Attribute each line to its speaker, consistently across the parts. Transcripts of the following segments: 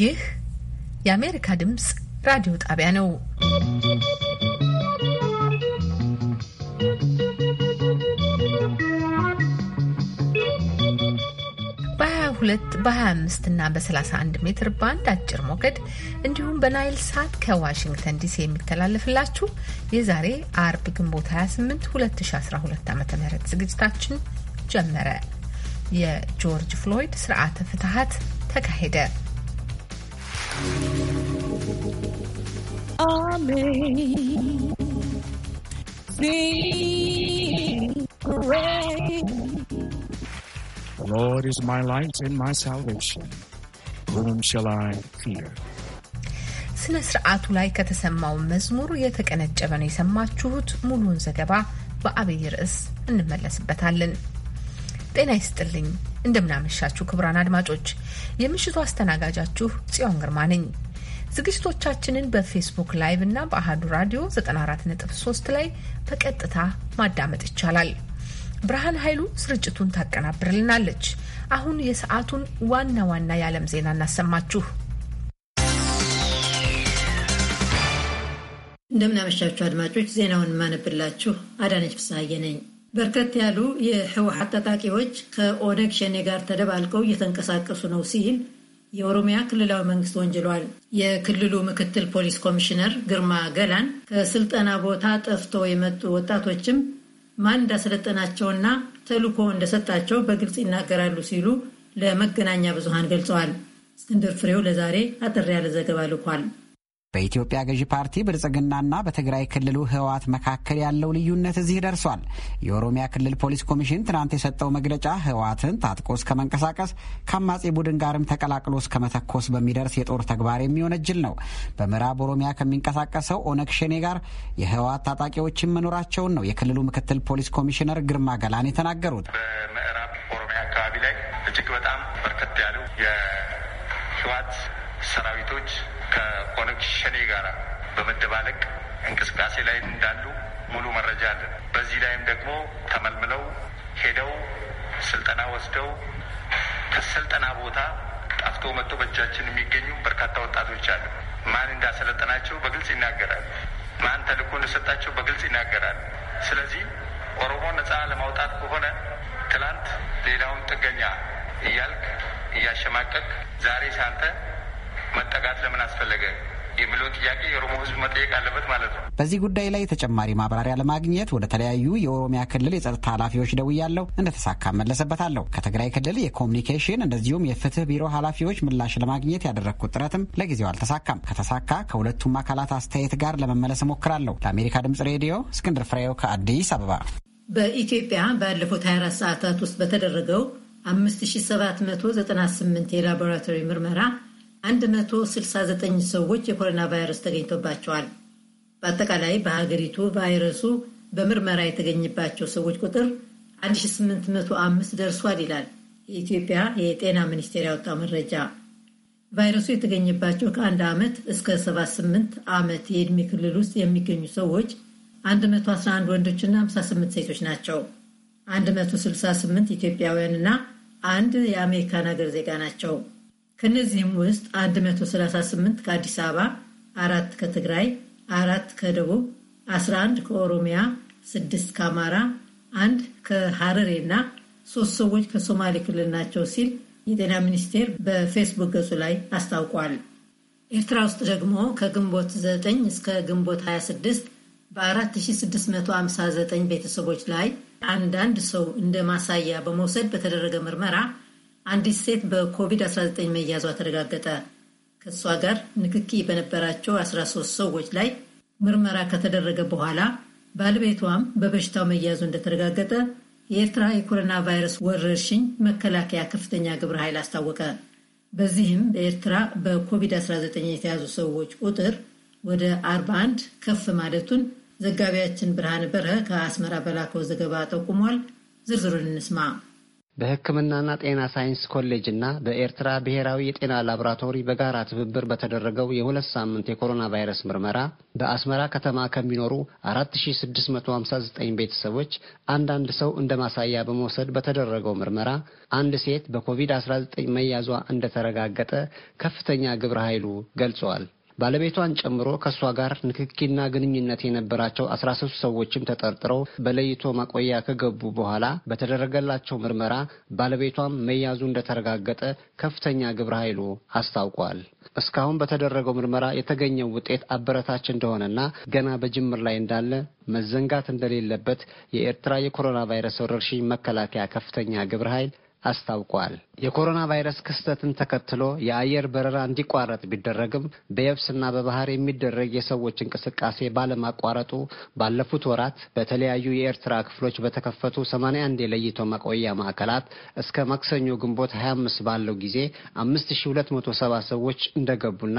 Speaker 1: ይህ የአሜሪካ ድምፅ ራዲዮ ጣቢያ ነው። በ 22 በ25 እና በ31 ሜትር ባንድ አጭር ሞገድ እንዲሁም በናይል ሳት ከዋሽንግተን ዲሲ የሚተላለፍላችሁ የዛሬ አርብ ግንቦት 28 2012 ዓ ም ዝግጅታችን ጀመረ። የጆርጅ ፍሎይድ ስርዓተ ፍትሐት ተካሄደ። ስነ ስርዓቱ ላይ ከተሰማው መዝሙር የተቀነጨበ ነው የሰማችሁት። ሙሉውን ዘገባ በአብይ ርዕስ እንመለስበታለን። ጤና ይስጥልኝ። እንደምናመሻችሁ ክቡራን አድማጮች፣ የምሽቱ አስተናጋጃችሁ ጽዮን ግርማ ነኝ። ዝግጅቶቻችንን በፌስቡክ ላይቭ እና በአህዱ ራዲዮ 94.3 ላይ በቀጥታ ማዳመጥ ይቻላል። ብርሃን ኃይሉ ስርጭቱን ታቀናብርልናለች። አሁን የሰዓቱን ዋና ዋና የዓለም ዜና እናሰማችሁ።
Speaker 2: እንደምናመሻችሁ አድማጮች፣ ዜናውን የማነብላችሁ አዳነች ፍስሐዬ ነኝ። በርከት ያሉ የህወሓት ታጣቂዎች ከኦነግ ሸኔ ጋር ተደባልቀው እየተንቀሳቀሱ ነው ሲል የኦሮሚያ ክልላዊ መንግስት ወንጅሏል። የክልሉ ምክትል ፖሊስ ኮሚሽነር ግርማ ገላን ከስልጠና ቦታ ጠፍቶ የመጡ ወጣቶችም ማን እንዳሰለጠናቸውና ተልኮ እንደሰጣቸው በግልጽ ይናገራሉ ሲሉ ለመገናኛ ብዙሃን ገልጸዋል። እስክንድር ፍሬው ለዛሬ አጠር ያለ ዘገባ ልኳል።
Speaker 3: በኢትዮጵያ ገዢ ፓርቲ ብልጽግናና በትግራይ ክልሉ ህወሓት መካከል ያለው ልዩነት እዚህ ደርሷል። የኦሮሚያ ክልል ፖሊስ ኮሚሽን ትናንት የሰጠው መግለጫ ህወሓትን ታጥቆ እስከ መንቀሳቀስ ከአማጼ ቡድን ጋርም ተቀላቅሎ እስከ መተኮስ በሚደርስ የጦር ተግባር የሚወነጅል ነው። በምዕራብ ኦሮሚያ ከሚንቀሳቀሰው ኦነግ ሸኔ ጋር የህወሓት ታጣቂዎችን መኖራቸውን ነው የክልሉ ምክትል ፖሊስ ኮሚሽነር ግርማ ገላን የተናገሩት። በምዕራብ
Speaker 4: ኦሮሚያ አካባቢ ላይ
Speaker 5: እጅግ በጣም በርከት ያሉ የህወሓት ሰራዊቶች ከኦነግ ሸኔ ጋር በመደባለቅ እንቅስቃሴ ላይ እንዳሉ ሙሉ መረጃ አለን። በዚህ ላይም ደግሞ ተመልምለው ሄደው ስልጠና ወስደው ከስልጠና ቦታ ጠፍቶ መጥቶ በእጃችን የሚገኙ በርካታ ወጣቶች አሉ። ማን እንዳሰለጠናቸው በግልጽ ይናገራል። ማን ተልእኮ እንደሰጣቸው በግልጽ ይናገራል። ስለዚህ ኦሮሞ ነፃ ለማውጣት ከሆነ ትላንት ሌላውን ጥገኛ እያልክ እያሸማቀቅ ዛሬ ሳንተ መጠጋት ለምን አስፈለገ
Speaker 6: የሚለውን ጥያቄ የኦሮሞ ህዝብ መጠየቅ አለበት ማለት ነው።
Speaker 3: በዚህ ጉዳይ ላይ ተጨማሪ ማብራሪያ ለማግኘት ወደ ተለያዩ የኦሮሚያ ክልል የጸጥታ ኃላፊዎች ደውያለሁ። እንደተሳካ መለሰበታለሁ። ከትግራይ ክልል የኮሚኒኬሽን እንደዚሁም የፍትህ ቢሮ ኃላፊዎች ምላሽ ለማግኘት ያደረግኩት ጥረትም ለጊዜው አልተሳካም። ከተሳካ ከሁለቱም አካላት አስተያየት ጋር ለመመለስ እሞክራለሁ። ለአሜሪካ ድምጽ ሬዲዮ እስክንድር ፍሬው ከአዲስ አበባ።
Speaker 2: በኢትዮጵያ ባለፉት 24 ሰዓታት ውስጥ በተደረገው 5798 የላቦራቶሪ ምርመራ 169 ሰዎች የኮሮና ቫይረስ ተገኝቶባቸዋል። በአጠቃላይ በሀገሪቱ ቫይረሱ በምርመራ የተገኘባቸው ሰዎች ቁጥር 1805 ደርሷል ይላል የኢትዮጵያ የጤና ሚኒስቴር ያወጣው መረጃ። ቫይረሱ የተገኘባቸው ከአንድ ዓመት እስከ 78 ዓመት የዕድሜ ክልል ውስጥ የሚገኙ ሰዎች 111 ወንዶችና 58 ሴቶች ናቸው። 168 ኢትዮጵያውያንና አንድ የአሜሪካን ሀገር ዜጋ ናቸው። ከእነዚህም ውስጥ 138 ከአዲስ አበባ፣ አራት ከትግራይ፣ አራት ከደቡብ፣ 11 ከኦሮሚያ፣ ስድስት ከአማራ፣ አንድ ከሐረሬ እና ሶስት ሰዎች ከሶማሌ ክልል ናቸው ሲል የጤና ሚኒስቴር በፌስቡክ ገጹ ላይ አስታውቋል። ኤርትራ ውስጥ ደግሞ ከግንቦት 9 እስከ ግንቦት 26 በ4659 ቤተሰቦች ላይ አንዳንድ ሰው እንደ ማሳያ በመውሰድ በተደረገ ምርመራ አንዲት ሴት በኮቪድ-19 መያዟ ተረጋገጠ። ከእሷ ጋር ንክኪ በነበራቸው 13 ሰዎች ላይ ምርመራ ከተደረገ በኋላ ባለቤቷም በበሽታው መያዙ እንደተረጋገጠ የኤርትራ የኮሮና ቫይረስ ወረርሽኝ መከላከያ ከፍተኛ ግብረ ኃይል አስታወቀ። በዚህም በኤርትራ በኮቪድ-19 የተያዙ ሰዎች ቁጥር ወደ 41 ከፍ ማለቱን ዘጋቢያችን ብርሃን በረሀ ከአስመራ በላከው ዘገባ ጠቁሟል። ዝርዝሩን እንስማ።
Speaker 3: በሕክምናና ጤና ሳይንስ ኮሌጅ እና በኤርትራ ብሔራዊ የጤና ላቦራቶሪ በጋራ ትብብር በተደረገው የሁለት ሳምንት የኮሮና ቫይረስ ምርመራ በአስመራ ከተማ ከሚኖሩ 4659 ቤተሰቦች አንዳንድ ሰው እንደ ማሳያ በመውሰድ በተደረገው ምርመራ አንድ ሴት በኮቪድ-19 መያዟ እንደተረጋገጠ ከፍተኛ ግብረ ኃይሉ ገልጸዋል። ባለቤቷን ጨምሮ ከእሷ ጋር ንክኪና ግንኙነት የነበራቸው 13 ሰዎችም ተጠርጥረው በለይቶ ማቆያ ከገቡ በኋላ በተደረገላቸው ምርመራ ባለቤቷም መያዙ እንደተረጋገጠ ከፍተኛ ግብረ ኃይሉ አስታውቋል። እስካሁን በተደረገው ምርመራ የተገኘው ውጤት አበረታች እንደሆነና ገና በጅምር ላይ እንዳለ መዘንጋት እንደሌለበት የኤርትራ የኮሮና ቫይረስ ወረርሽኝ መከላከያ ከፍተኛ ግብረ ኃይል አስታውቋል። የኮሮና ቫይረስ ክስተትን ተከትሎ የአየር በረራ እንዲቋረጥ ቢደረግም በየብስና በባህር የሚደረግ የሰዎች እንቅስቃሴ ባለማቋረጡ ባለፉት ወራት በተለያዩ የኤርትራ ክፍሎች በተከፈቱ 81 የለይቶ መቆያ ማዕከላት እስከ ማክሰኞ ግንቦት 25 ባለው ጊዜ 5270 ሰዎች እንደገቡና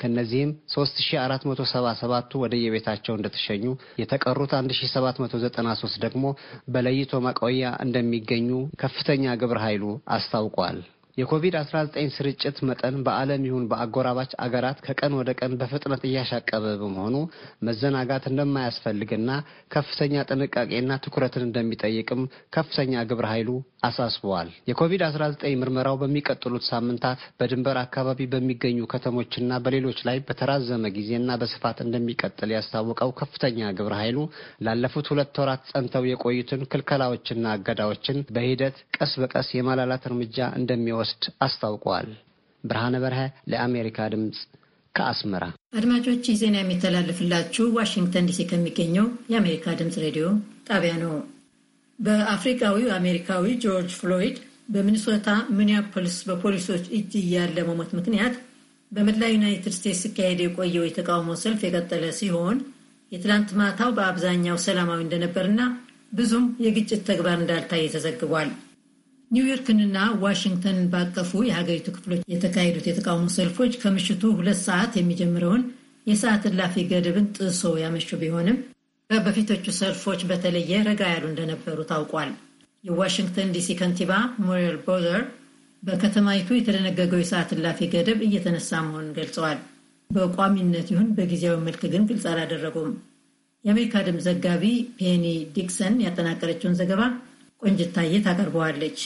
Speaker 3: ከነዚህም 3477ቱ ወደየቤታቸው እንደተሸኙ የተቀሩት 1793 ደግሞ በለይቶ ማቆያ እንደሚገኙ ከፍተኛ ግብረ ኃይሉ አስታውቋል። የኮቪድ-19 ስርጭት መጠን በዓለም ይሁን በአጎራባች አገራት ከቀን ወደ ቀን በፍጥነት እያሻቀበ በመሆኑ መዘናጋት እንደማያስፈልግና ከፍተኛ ጥንቃቄና ትኩረትን እንደሚጠይቅም ከፍተኛ ግብረ ኃይሉ አሳስበዋል። የኮቪድ-19 ምርመራው በሚቀጥሉት ሳምንታት በድንበር አካባቢ በሚገኙ ከተሞችና በሌሎች ላይ በተራዘመ ጊዜና በስፋት እንደሚቀጥል ያስታወቀው ከፍተኛ ግብረ ኃይሉ ላለፉት ሁለት ወራት ጸንተው የቆዩትን ክልከላዎችና እገዳዎችን በሂደት ቀስ በቀስ የማላላት እርምጃ እንደሚወስድ አስታውቀዋል። ብርሃነ በርሀ ለአሜሪካ ድምፅ ከአስመራ
Speaker 2: አድማጮች፣ ዜና የሚተላለፍላችሁ ዋሽንግተን ዲሲ ከሚገኘው የአሜሪካ ድምፅ ሬዲዮ ጣቢያ ነው። በአፍሪካዊው አሜሪካዊ ጆርጅ ፍሎይድ በሚኒሶታ ሚኒያፖሊስ በፖሊሶች እጅ እያለ መሞት ምክንያት በመላ ዩናይትድ ስቴትስ ሲካሄድ የቆየው የተቃውሞ ሰልፍ የቀጠለ ሲሆን የትላንት ማታው በአብዛኛው ሰላማዊ እንደነበርና ብዙም የግጭት ተግባር እንዳልታየ ተዘግቧል። ኒውዮርክንና ዋሽንግተንን ባቀፉ የሀገሪቱ ክፍሎች የተካሄዱት የተቃውሞ ሰልፎች ከምሽቱ ሁለት ሰዓት የሚጀምረውን የሰዓት እላፊ ገደብን ጥሶ ያመሹ ቢሆንም በበፊቶቹ ሰልፎች በተለየ ረጋ ያሉ እንደነበሩ ታውቋል። የዋሽንግተን ዲሲ ከንቲባ ሞሪል ቦዘር በከተማይቱ የተደነገገው የሰዓት እላፊ ገደብ እየተነሳ መሆኑን ገልጸዋል። በቋሚነት ይሁን በጊዜያዊ መልክ ግን ግልጽ አላደረጉም። የአሜሪካ ድምፅ ዘጋቢ ፔኒ ዲክሰን ያጠናቀረችውን ዘገባ ቆንጅታዬ ታቀርበዋለች።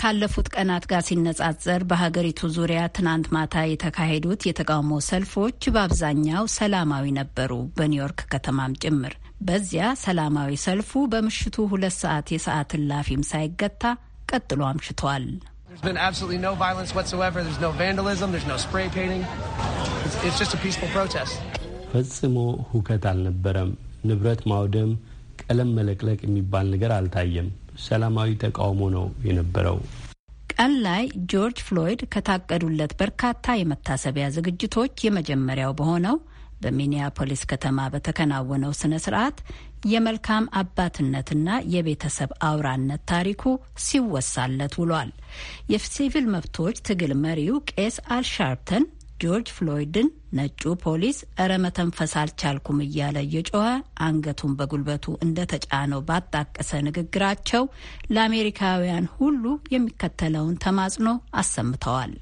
Speaker 2: ካለፉት ቀናት
Speaker 7: ጋር ሲነጻጸር በሀገሪቱ ዙሪያ ትናንት ማታ የተካሄዱት የተቃውሞ ሰልፎች በአብዛኛው ሰላማዊ ነበሩ፣ በኒውዮርክ ከተማም ጭምር። በዚያ ሰላማዊ ሰልፉ በምሽቱ ሁለት ሰዓት የሰዓት እላፊም ሳይገታ ቀጥሎ አምሽቷል።
Speaker 4: ፈጽሞ ሁከት አልነበረም። ንብረት ማውደም፣ ቀለም መለቅለቅ የሚባል ነገር አልታየም። ሰላማዊ ተቃውሞ ነው የነበረው።
Speaker 8: ቀን
Speaker 7: ላይ ጆርጅ ፍሎይድ ከታቀዱለት በርካታ የመታሰቢያ ዝግጅቶች የመጀመሪያው በሆነው በሚኒያፖሊስ ከተማ በተከናወነው ስነ ስርዓት የመልካም አባትነትና የቤተሰብ አውራነት ታሪኩ ሲወሳለት ውሏል። የሲቪል መብቶች ትግል መሪው ቄስ አልሻርፕተን ጆርጅ ፍሎይድን ነጩ ፖሊስ እረ መተንፈስ አልቻልኩም እያለ እየጮኸ አንገቱን በጉልበቱ እንደተጫነው ባጣቀሰ ንግግራቸው ለአሜሪካውያን ሁሉ የሚከተለውን ተማጽኖ አሰምተዋል።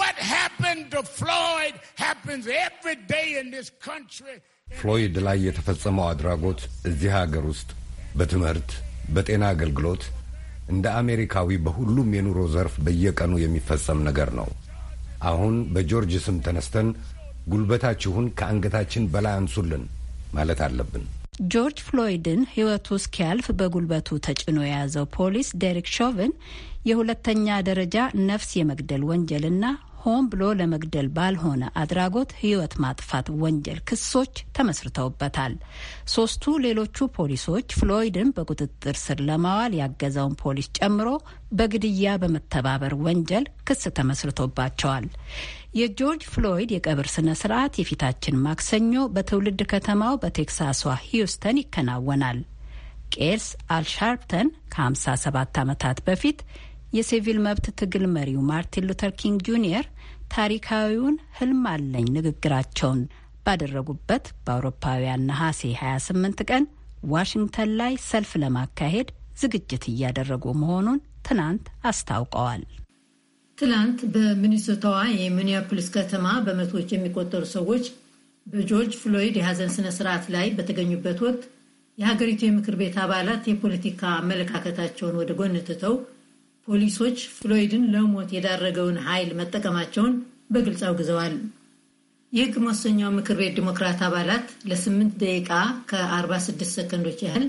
Speaker 9: What happened to Floyd happens every
Speaker 6: day in this country.
Speaker 5: ፍሎይድ ላይ የተፈጸመው አድራጎት እዚህ ሀገር ውስጥ በትምህርት በጤና አገልግሎት እንደ አሜሪካዊ በሁሉም የኑሮ ዘርፍ በየቀኑ የሚፈጸም ነገር ነው። አሁን በጆርጅ ስም ተነስተን ጉልበታችሁን ከአንገታችን በላይ አንሱልን ማለት አለብን።
Speaker 7: ጆርጅ ፍሎይድን ሕይወቱ እስኪያልፍ በጉልበቱ ተጭኖ የያዘው ፖሊስ ዴሪክ ሾቭን የሁለተኛ ደረጃ ነፍስ የመግደል ወንጀልና ሆን ብሎ ለመግደል ባልሆነ አድራጎት ሕይወት ማጥፋት ወንጀል ክሶች ተመስርተውበታል። ሶስቱ ሌሎቹ ፖሊሶች ፍሎይድን በቁጥጥር ስር ለማዋል ያገዘውን ፖሊስ ጨምሮ በግድያ በመተባበር ወንጀል ክስ ተመስርቶባቸዋል። የጆርጅ ፍሎይድ የቀብር ስነ ስርዓት የፊታችን ማክሰኞ በትውልድ ከተማው በቴክሳሷ ሂውስተን ይከናወናል። ቄርስ አልሻርፕተን ከ57 ዓመታት በፊት የሲቪል መብት ትግል መሪው ማርቲን ሉተር ኪንግ ጁኒየር ታሪካዊውን ህልም አለኝ ንግግራቸውን ባደረጉበት በአውሮፓውያን ነሐሴ 28 ቀን ዋሽንግተን ላይ ሰልፍ ለማካሄድ ዝግጅት እያደረጉ መሆኑን ትናንት አስታውቀዋል።
Speaker 2: ትናንት በሚኒሶታዋ የሚኒያፖሊስ ከተማ በመቶዎች የሚቆጠሩ ሰዎች በጆርጅ ፍሎይድ የሐዘን ስነ ስርዓት ላይ በተገኙበት ወቅት የሀገሪቱ የምክር ቤት አባላት የፖለቲካ አመለካከታቸውን ወደ ጎን ትተው ፖሊሶች ፍሎይድን ለሞት የዳረገውን ኃይል መጠቀማቸውን በግልጽ አውግዘዋል። የሕግ መወሰኛው ምክር ቤት ዲሞክራት አባላት ለ8 ደቂቃ ከ46 ሰከንዶች ያህል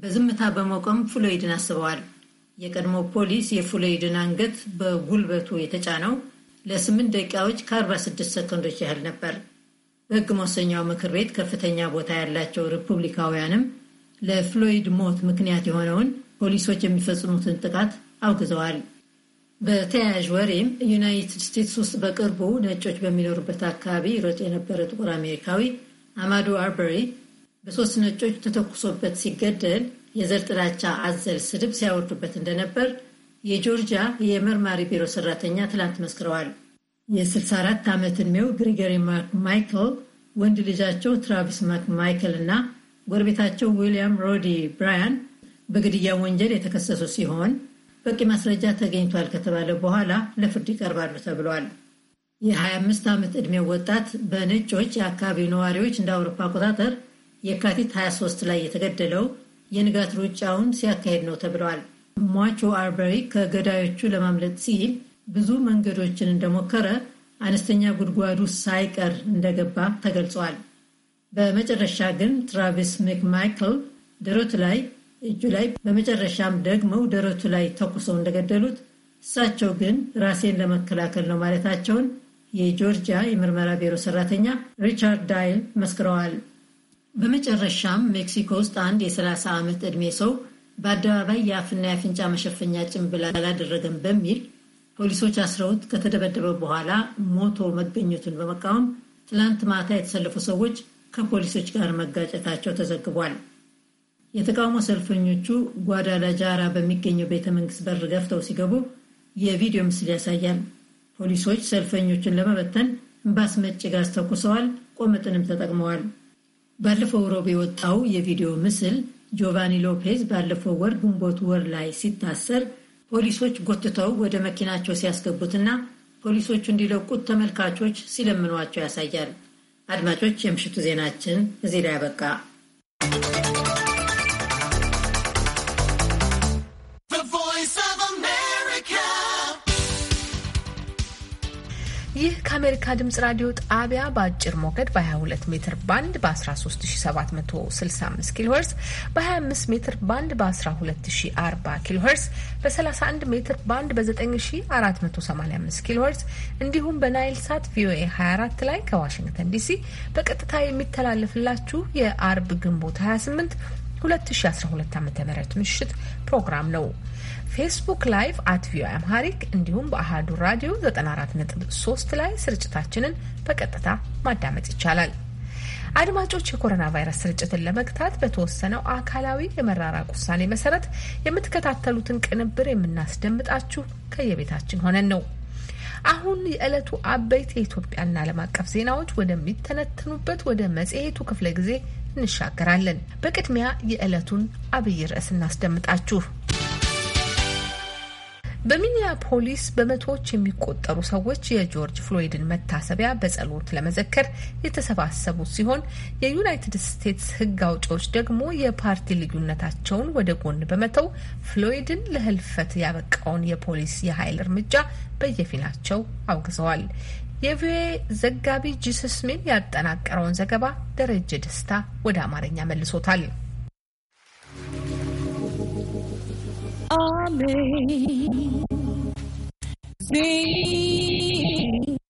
Speaker 2: በዝምታ በመቆም ፍሎይድን አስበዋል። የቀድሞ ፖሊስ የፍሎይድን አንገት በጉልበቱ የተጫነው ለ8 ደቂቃዎች ከ46 ሰከንዶች ያህል ነበር። በሕግ መወሰኛው ምክር ቤት ከፍተኛ ቦታ ያላቸው ሪፑብሊካውያንም ለፍሎይድ ሞት ምክንያት የሆነውን ፖሊሶች የሚፈጽሙትን ጥቃት አውግዘዋል። በተያያዥ ወሬም ዩናይትድ ስቴትስ ውስጥ በቅርቡ ነጮች በሚኖሩበት አካባቢ ሮጥ የነበረ ጥቁር አሜሪካዊ አማዱ አርበሪ በሶስት ነጮች ተተኩሶበት ሲገደል የዘር ጥላቻ አዘል ስድብ ሲያወርዱበት እንደነበር የጆርጂያ የመርማሪ ቢሮ ሰራተኛ ትላንት መስክረዋል። የ64 ዓመት ዕድሜው ግሪገሪ ማክ ማይክል ወንድ ልጃቸው ትራቪስ ማክ ማይክል እና ጎረቤታቸው ዊሊያም ሮዲ ብራያን በግድያ ወንጀል የተከሰሱ ሲሆን በቂ ማስረጃ ተገኝቷል ከተባለ በኋላ ለፍርድ ይቀርባሉ ተብሏል። የ25 ዓመት ዕድሜው ወጣት በነጮች የአካባቢው ነዋሪዎች እንደ አውሮፓ አቆጣጠር የካቲት 23 ላይ የተገደለው የንጋት ሩጫውን ሲያካሄድ ነው ተብለዋል። ሟቹ አርበሪ ከገዳዮቹ ለማምለጥ ሲል ብዙ መንገዶችን እንደሞከረ አነስተኛ ጉድጓዱ ሳይቀር እንደገባ ተገልጿል። በመጨረሻ ግን ትራቪስ ሜክማይክል ደሮት ላይ እጁ ላይ በመጨረሻም ደግመው ደረቱ ላይ ተኩሰው እንደገደሉት እሳቸው ግን ራሴን ለመከላከል ነው ማለታቸውን የጆርጂያ የምርመራ ቢሮ ሰራተኛ ሪቻርድ ዳይል መስክረዋል። በመጨረሻም ሜክሲኮ ውስጥ አንድ የ30 ዓመት ዕድሜ ሰው በአደባባይ የአፍና የአፍንጫ መሸፈኛ ጭንብል አላደረገም በሚል ፖሊሶች አስረውት ከተደበደበ በኋላ ሞቶ መገኘቱን በመቃወም ትላንት ማታ የተሰለፉ ሰዎች ከፖሊሶች ጋር መጋጨታቸው ተዘግቧል። የተቃውሞ ሰልፈኞቹ ጓዳላጃራ በሚገኘው ቤተ መንግስት በር ገፍተው ሲገቡ የቪዲዮ ምስል ያሳያል። ፖሊሶች ሰልፈኞቹን ለመበተን እምባስ መጭ ጋዝ ተኩሰዋል፣ ቆመጥንም ተጠቅመዋል። ባለፈው ሮብ የወጣው የቪዲዮ ምስል ጆቫኒ ሎፔዝ ባለፈው ወር ግንቦት ወር ላይ ሲታሰር ፖሊሶች ጎትተው ወደ መኪናቸው ሲያስገቡትና ፖሊሶቹ እንዲለቁት ተመልካቾች ሲለምኗቸው ያሳያል። አድማጮች፣ የምሽቱ ዜናችን እዚህ ላይ ያበቃ።
Speaker 1: ይህ ከአሜሪካ ድምጽ ራዲዮ ጣቢያ በአጭር ሞገድ በ22 ሜትር ባንድ በ13765 ኪሎ ሄርስ በ25 ሜትር ባንድ በ1240 ኪሎ ሄርስ በ31 ሜትር ባንድ በ9485 ኪሎ ሄርስ እንዲሁም በናይል ሳት ቪኦኤ 24 ላይ ከዋሽንግተን ዲሲ በቀጥታ የሚተላለፍላችሁ የአርብ ግንቦት 28 2012 ዓ ም ምሽት ፕሮግራም ነው። በፌስቡክ ላይቭ አት ቪኦኤ አምሃሪክ እንዲሁም በአህዱ ራዲዮ 94.3 ላይ ስርጭታችንን በቀጥታ ማዳመጥ ይቻላል። አድማጮች የኮሮና ቫይረስ ስርጭትን ለመግታት በተወሰነው አካላዊ የመራራቅ ውሳኔ መሰረት የምትከታተሉትን ቅንብር የምናስደምጣችሁ ከየቤታችን ሆነን ነው። አሁን የዕለቱ አበይት የኢትዮጵያና ዓለም አቀፍ ዜናዎች ወደሚተነተኑበት ወደ መጽሔቱ ክፍለ ጊዜ እንሻገራለን። በቅድሚያ የዕለቱን አብይ ርዕስ እናስደምጣችሁ። በሚኒያፖሊስ በመቶዎች የሚቆጠሩ ሰዎች የጆርጅ ፍሎይድን መታሰቢያ በጸሎት ለመዘከር የተሰባሰቡ ሲሆን የዩናይትድ ስቴትስ ሕግ አውጪዎች ደግሞ የፓርቲ ልዩነታቸውን ወደ ጎን በመተው ፍሎይድን ለሕልፈት ያበቃውን የፖሊስ የኃይል እርምጃ በየፊናቸው አውግዘዋል። የቪኦኤ ዘጋቢ ጂስስሚን ያጠናቀረውን ዘገባ ደረጀ ደስታ ወደ አማርኛ መልሶታል። amazing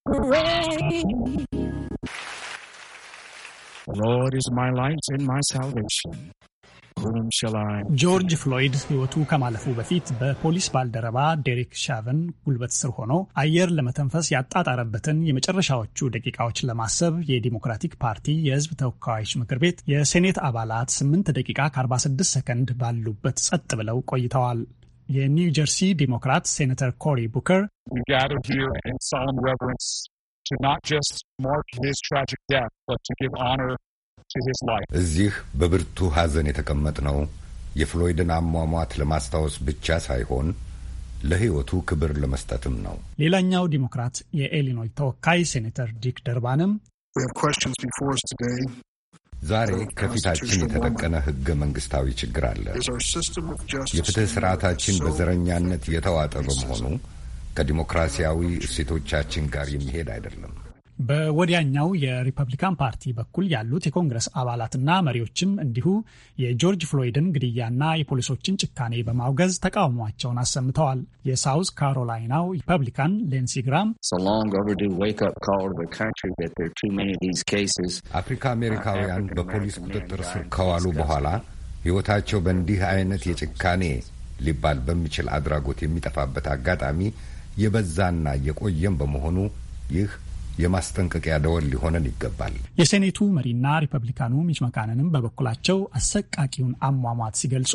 Speaker 6: grace.
Speaker 10: Lord is my light and my salvation.
Speaker 11: ጆርጅ ፍሎይድ ሕይወቱ ከማለፉ በፊት በፖሊስ ባልደረባ ዴሪክ ሻቨን ጉልበት ስር ሆኖ አየር ለመተንፈስ ያጣጣረበትን የመጨረሻዎቹ ደቂቃዎች ለማሰብ የዲሞክራቲክ ፓርቲ የሕዝብ ተወካዮች ምክር ቤት የሴኔት አባላት 8 ደቂቃ ከ46 ሰከንድ ባሉበት ጸጥ ብለው ቆይተዋል። የኒው ጀርሲ ዲሞክራት ሴኔተር ኮሪ ቡከር
Speaker 12: እዚህ
Speaker 5: በብርቱ ሐዘን የተቀመጥነው የፍሎይድን አሟሟት ለማስታወስ ብቻ ሳይሆን ለሕይወቱ ክብር ለመስጠትም ነው።
Speaker 11: ሌላኛው ዲሞክራት የኢሊኖይ ተወካይ ሴኔተር ዲክ ደርባንም
Speaker 5: ዛሬ ከፊታችን የተደቀነ ሕገ መንግሥታዊ ችግር አለ። የፍትሕ ሥርዓታችን በዘረኛነት የተዋጠ በመሆኑ ከዲሞክራሲያዊ እሴቶቻችን ጋር የሚሄድ አይደለም።
Speaker 11: በወዲያኛው የሪፐብሊካን ፓርቲ በኩል ያሉት የኮንግረስ አባላትና መሪዎችም እንዲሁ የጆርጅ ፍሎይድን ግድያና የፖሊሶችን ጭካኔ በማውገዝ ተቃውሟቸውን አሰምተዋል። የሳውዝ ካሮላይናው ሪፐብሊካን ሌንሲ ግራም
Speaker 5: አፍሪካ አሜሪካውያን በፖሊስ ቁጥጥር ስር ከዋሉ በኋላ ሕይወታቸው በእንዲህ አይነት የጭካኔ ሊባል በሚችል አድራጎት የሚጠፋበት አጋጣሚ የበዛና የቆየም በመሆኑ ይህ የማስጠንቀቂያ ደወል ሊሆነን ይገባል።
Speaker 11: የሴኔቱ መሪና ሪፐብሊካኑ ሚች መካነንም በበኩላቸው አሰቃቂውን አሟሟት ሲገልጹ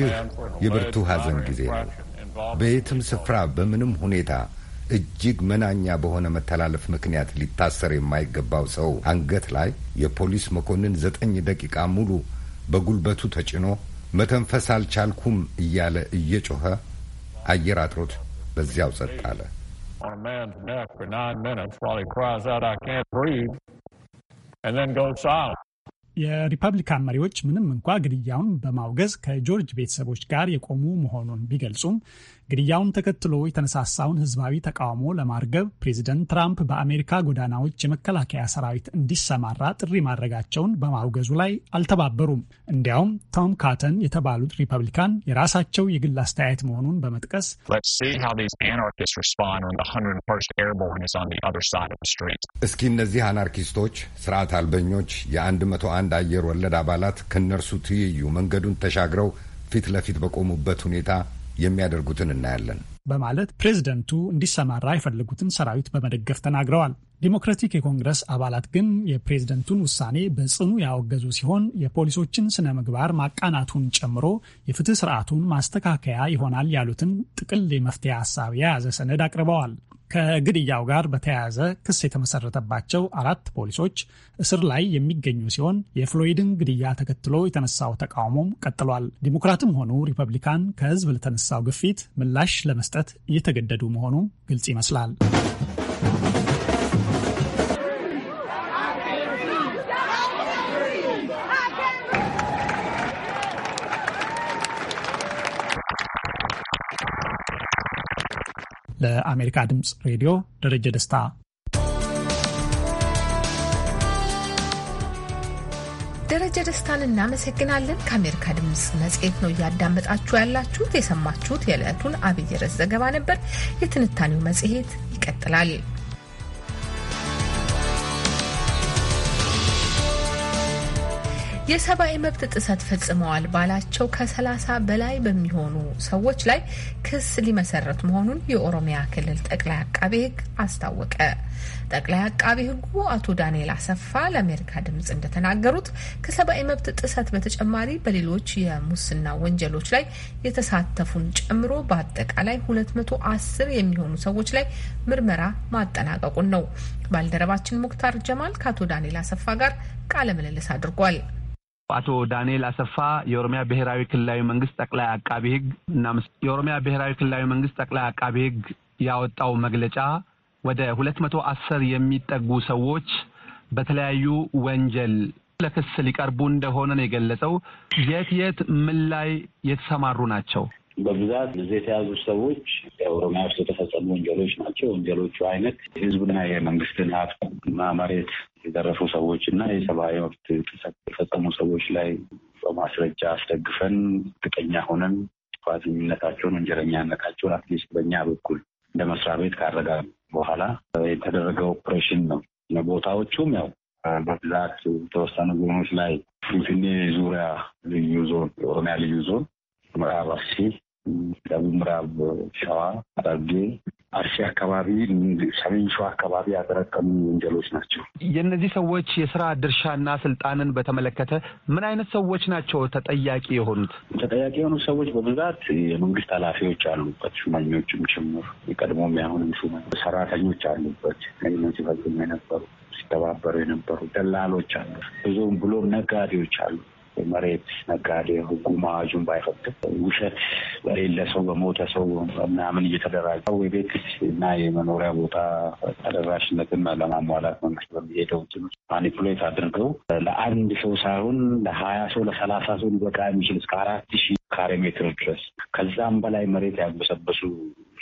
Speaker 6: ይህ የብርቱ ሐዘን
Speaker 5: ጊዜ ነው። በየትም ስፍራ በምንም ሁኔታ እጅግ መናኛ በሆነ መተላለፍ ምክንያት ሊታሰር የማይገባው ሰው አንገት ላይ የፖሊስ መኮንን ዘጠኝ ደቂቃ ሙሉ በጉልበቱ ተጭኖ መተንፈስ አልቻልኩም እያለ እየጮኸ አየር አጥሮት በዚያው ጸጥ አለ።
Speaker 11: የሪፐብሊካን መሪዎች ምንም እንኳ ግድያውን በማውገዝ ከጆርጅ ቤተሰቦች ጋር የቆሙ መሆኑን ቢገልጹም ግድያውን ተከትሎ የተነሳሳውን ህዝባዊ ተቃውሞ ለማርገብ ፕሬዚደንት ትራምፕ በአሜሪካ ጎዳናዎች የመከላከያ ሰራዊት እንዲሰማራ ጥሪ ማድረጋቸውን በማውገዙ ላይ አልተባበሩም። እንዲያውም ቶም ካተን የተባሉት ሪፐብሊካን የራሳቸው የግል አስተያየት መሆኑን በመጥቀስ
Speaker 5: እስኪ እነዚህ አናርኪስቶች ስርዓት አልበኞች የአንድ መቶ አንድ አየር ወለድ አባላት ከእነርሱ ትይዩ መንገዱን ተሻግረው ፊት ለፊት በቆሙበት ሁኔታ የሚያደርጉትን እናያለን
Speaker 11: በማለት ፕሬዝደንቱ እንዲሰማራ የፈለጉትን ሰራዊት በመደገፍ ተናግረዋል። ዲሞክራቲክ የኮንግረስ አባላት ግን የፕሬዝደንቱን ውሳኔ በጽኑ ያወገዙ ሲሆን የፖሊሶችን ስነ ምግባር ማቃናቱን ጨምሮ የፍትህ ስርዓቱን ማስተካከያ ይሆናል ያሉትን ጥቅል የመፍትሄ ሀሳብ የያዘ ሰነድ አቅርበዋል። ከግድያው ጋር በተያያዘ ክስ የተመሰረተባቸው አራት ፖሊሶች እስር ላይ የሚገኙ ሲሆን የፍሎይድን ግድያ ተከትሎ የተነሳው ተቃውሞም ቀጥሏል። ዲሞክራትም ሆኑ ሪፐብሊካን ከህዝብ ለተነሳው ግፊት ምላሽ ለመስጠት እየተገደዱ መሆኑ ግልጽ ይመስላል። ለአሜሪካ ድምፅ ሬዲዮ ደረጀ ደስታ።
Speaker 1: ደረጀ ደስታን እናመሰግናለን። ከአሜሪካ ድምፅ መጽሔት ነው እያዳመጣችሁ ያላችሁት። የሰማችሁት የዕለቱን አብይ ርዕስ ዘገባ ነበር። የትንታኔው መጽሔት ይቀጥላል። የሰብአዊ መብት ጥሰት ፈጽመዋል ባላቸው ከሰላሳ በላይ በሚሆኑ ሰዎች ላይ ክስ ሊመሰረት መሆኑን የኦሮሚያ ክልል ጠቅላይ አቃቤ ሕግ አስታወቀ። ጠቅላይ አቃቤ ህጉ አቶ ዳንኤል አሰፋ ለአሜሪካ ድምፅ እንደተናገሩት ከሰብአዊ መብት ጥሰት በተጨማሪ በሌሎች የሙስና ወንጀሎች ላይ የተሳተፉን ጨምሮ በአጠቃላይ 210 የሚሆኑ ሰዎች ላይ ምርመራ ማጠናቀቁን ነው። ባልደረባችን ሙክታር ጀማል ከአቶ ዳንኤል አሰፋ ጋር ቃለ ምልልስ አድርጓል።
Speaker 13: አቶ ዳንኤል አሰፋ የኦሮሚያ ብሔራዊ ክልላዊ መንግስት ጠቅላይ አቃቢ ህግ እና የኦሮሚያ ብሔራዊ ክልላዊ መንግስት ጠቅላይ አቃቢ ህግ ያወጣው መግለጫ ወደ ሁለት መቶ አስር የሚጠጉ ሰዎች በተለያዩ ወንጀል ለክስ ሊቀርቡ እንደሆነ ነው የገለጸው። የት የት ምን ላይ የተሰማሩ ናቸው?
Speaker 14: በብዛት እዚህ የተያዙ ሰዎች ኦሮሚያ ውስጥ የተፈጸሙ ወንጀሎች ናቸው። ወንጀሎቹ አይነት የህዝብና የመንግስትን ሀብት መሬት የዘረፉ ሰዎች እና የሰብአዊ መብት ጥሰት የፈጸሙ ሰዎች ላይ በማስረጃ አስደግፈን ጥቀኛ ሆነን ጥፋተኝነታቸውን ወንጀለኛነታቸውን አትሊስት በእኛ በኩል እንደ መስሪያ ቤት ካረጋ በኋላ የተደረገ ኦፕሬሽን ነው። ቦታዎቹም ያው በብዛት የተወሰኑ ዞኖች ላይ ፊንፊኔ ዙሪያ ልዩ ዞን፣ የኦሮሚያ ልዩ ዞን፣ ምዕራብ አርሲ ደቡብ ምዕራብ ሸዋ፣ ሐረርጌ፣ አርሲ አካባቢ፣ ሰሜን ሸዋ አካባቢ ያጠረጠሙ ወንጀሎች ናቸው።
Speaker 13: የእነዚህ ሰዎች የስራ ድርሻና ስልጣንን በተመለከተ ምን አይነት ሰዎች ናቸው ተጠያቂ የሆኑት?
Speaker 14: ተጠያቂ የሆኑ ሰዎች በብዛት የመንግስት ኃላፊዎች አሉበት፣ ሹመኞችም ጭምር የቀድሞም ያሁንም ሹመ ሰራተኞች አሉበት፣ ይህንን ሲፈጽሙ የነበሩ ሲተባበሩ የነበሩ ደላሎች አሉ፣ ብዙም ብሎም ነጋዴዎች አሉ። መሬት ነጋዴ ህጉ ማዋጁን ባይፈቅድም ውሸት በሌለ ሰው በሞተ ሰው ምናምን እየተደራጀ የቤት እና የመኖሪያ ቦታ ተደራሽነትን ለማሟላት መንግስት በሚሄደው እንትኖች ማኒፕሌት አድርገው ለአንድ ሰው ሳይሆን ለሀያ ሰው ለሰላሳ ሰው ሊበቃ የሚችል እስከ አራት ሺህ ካሬ ሜትር ድረስ ከዛም በላይ መሬት ያበሰበሱ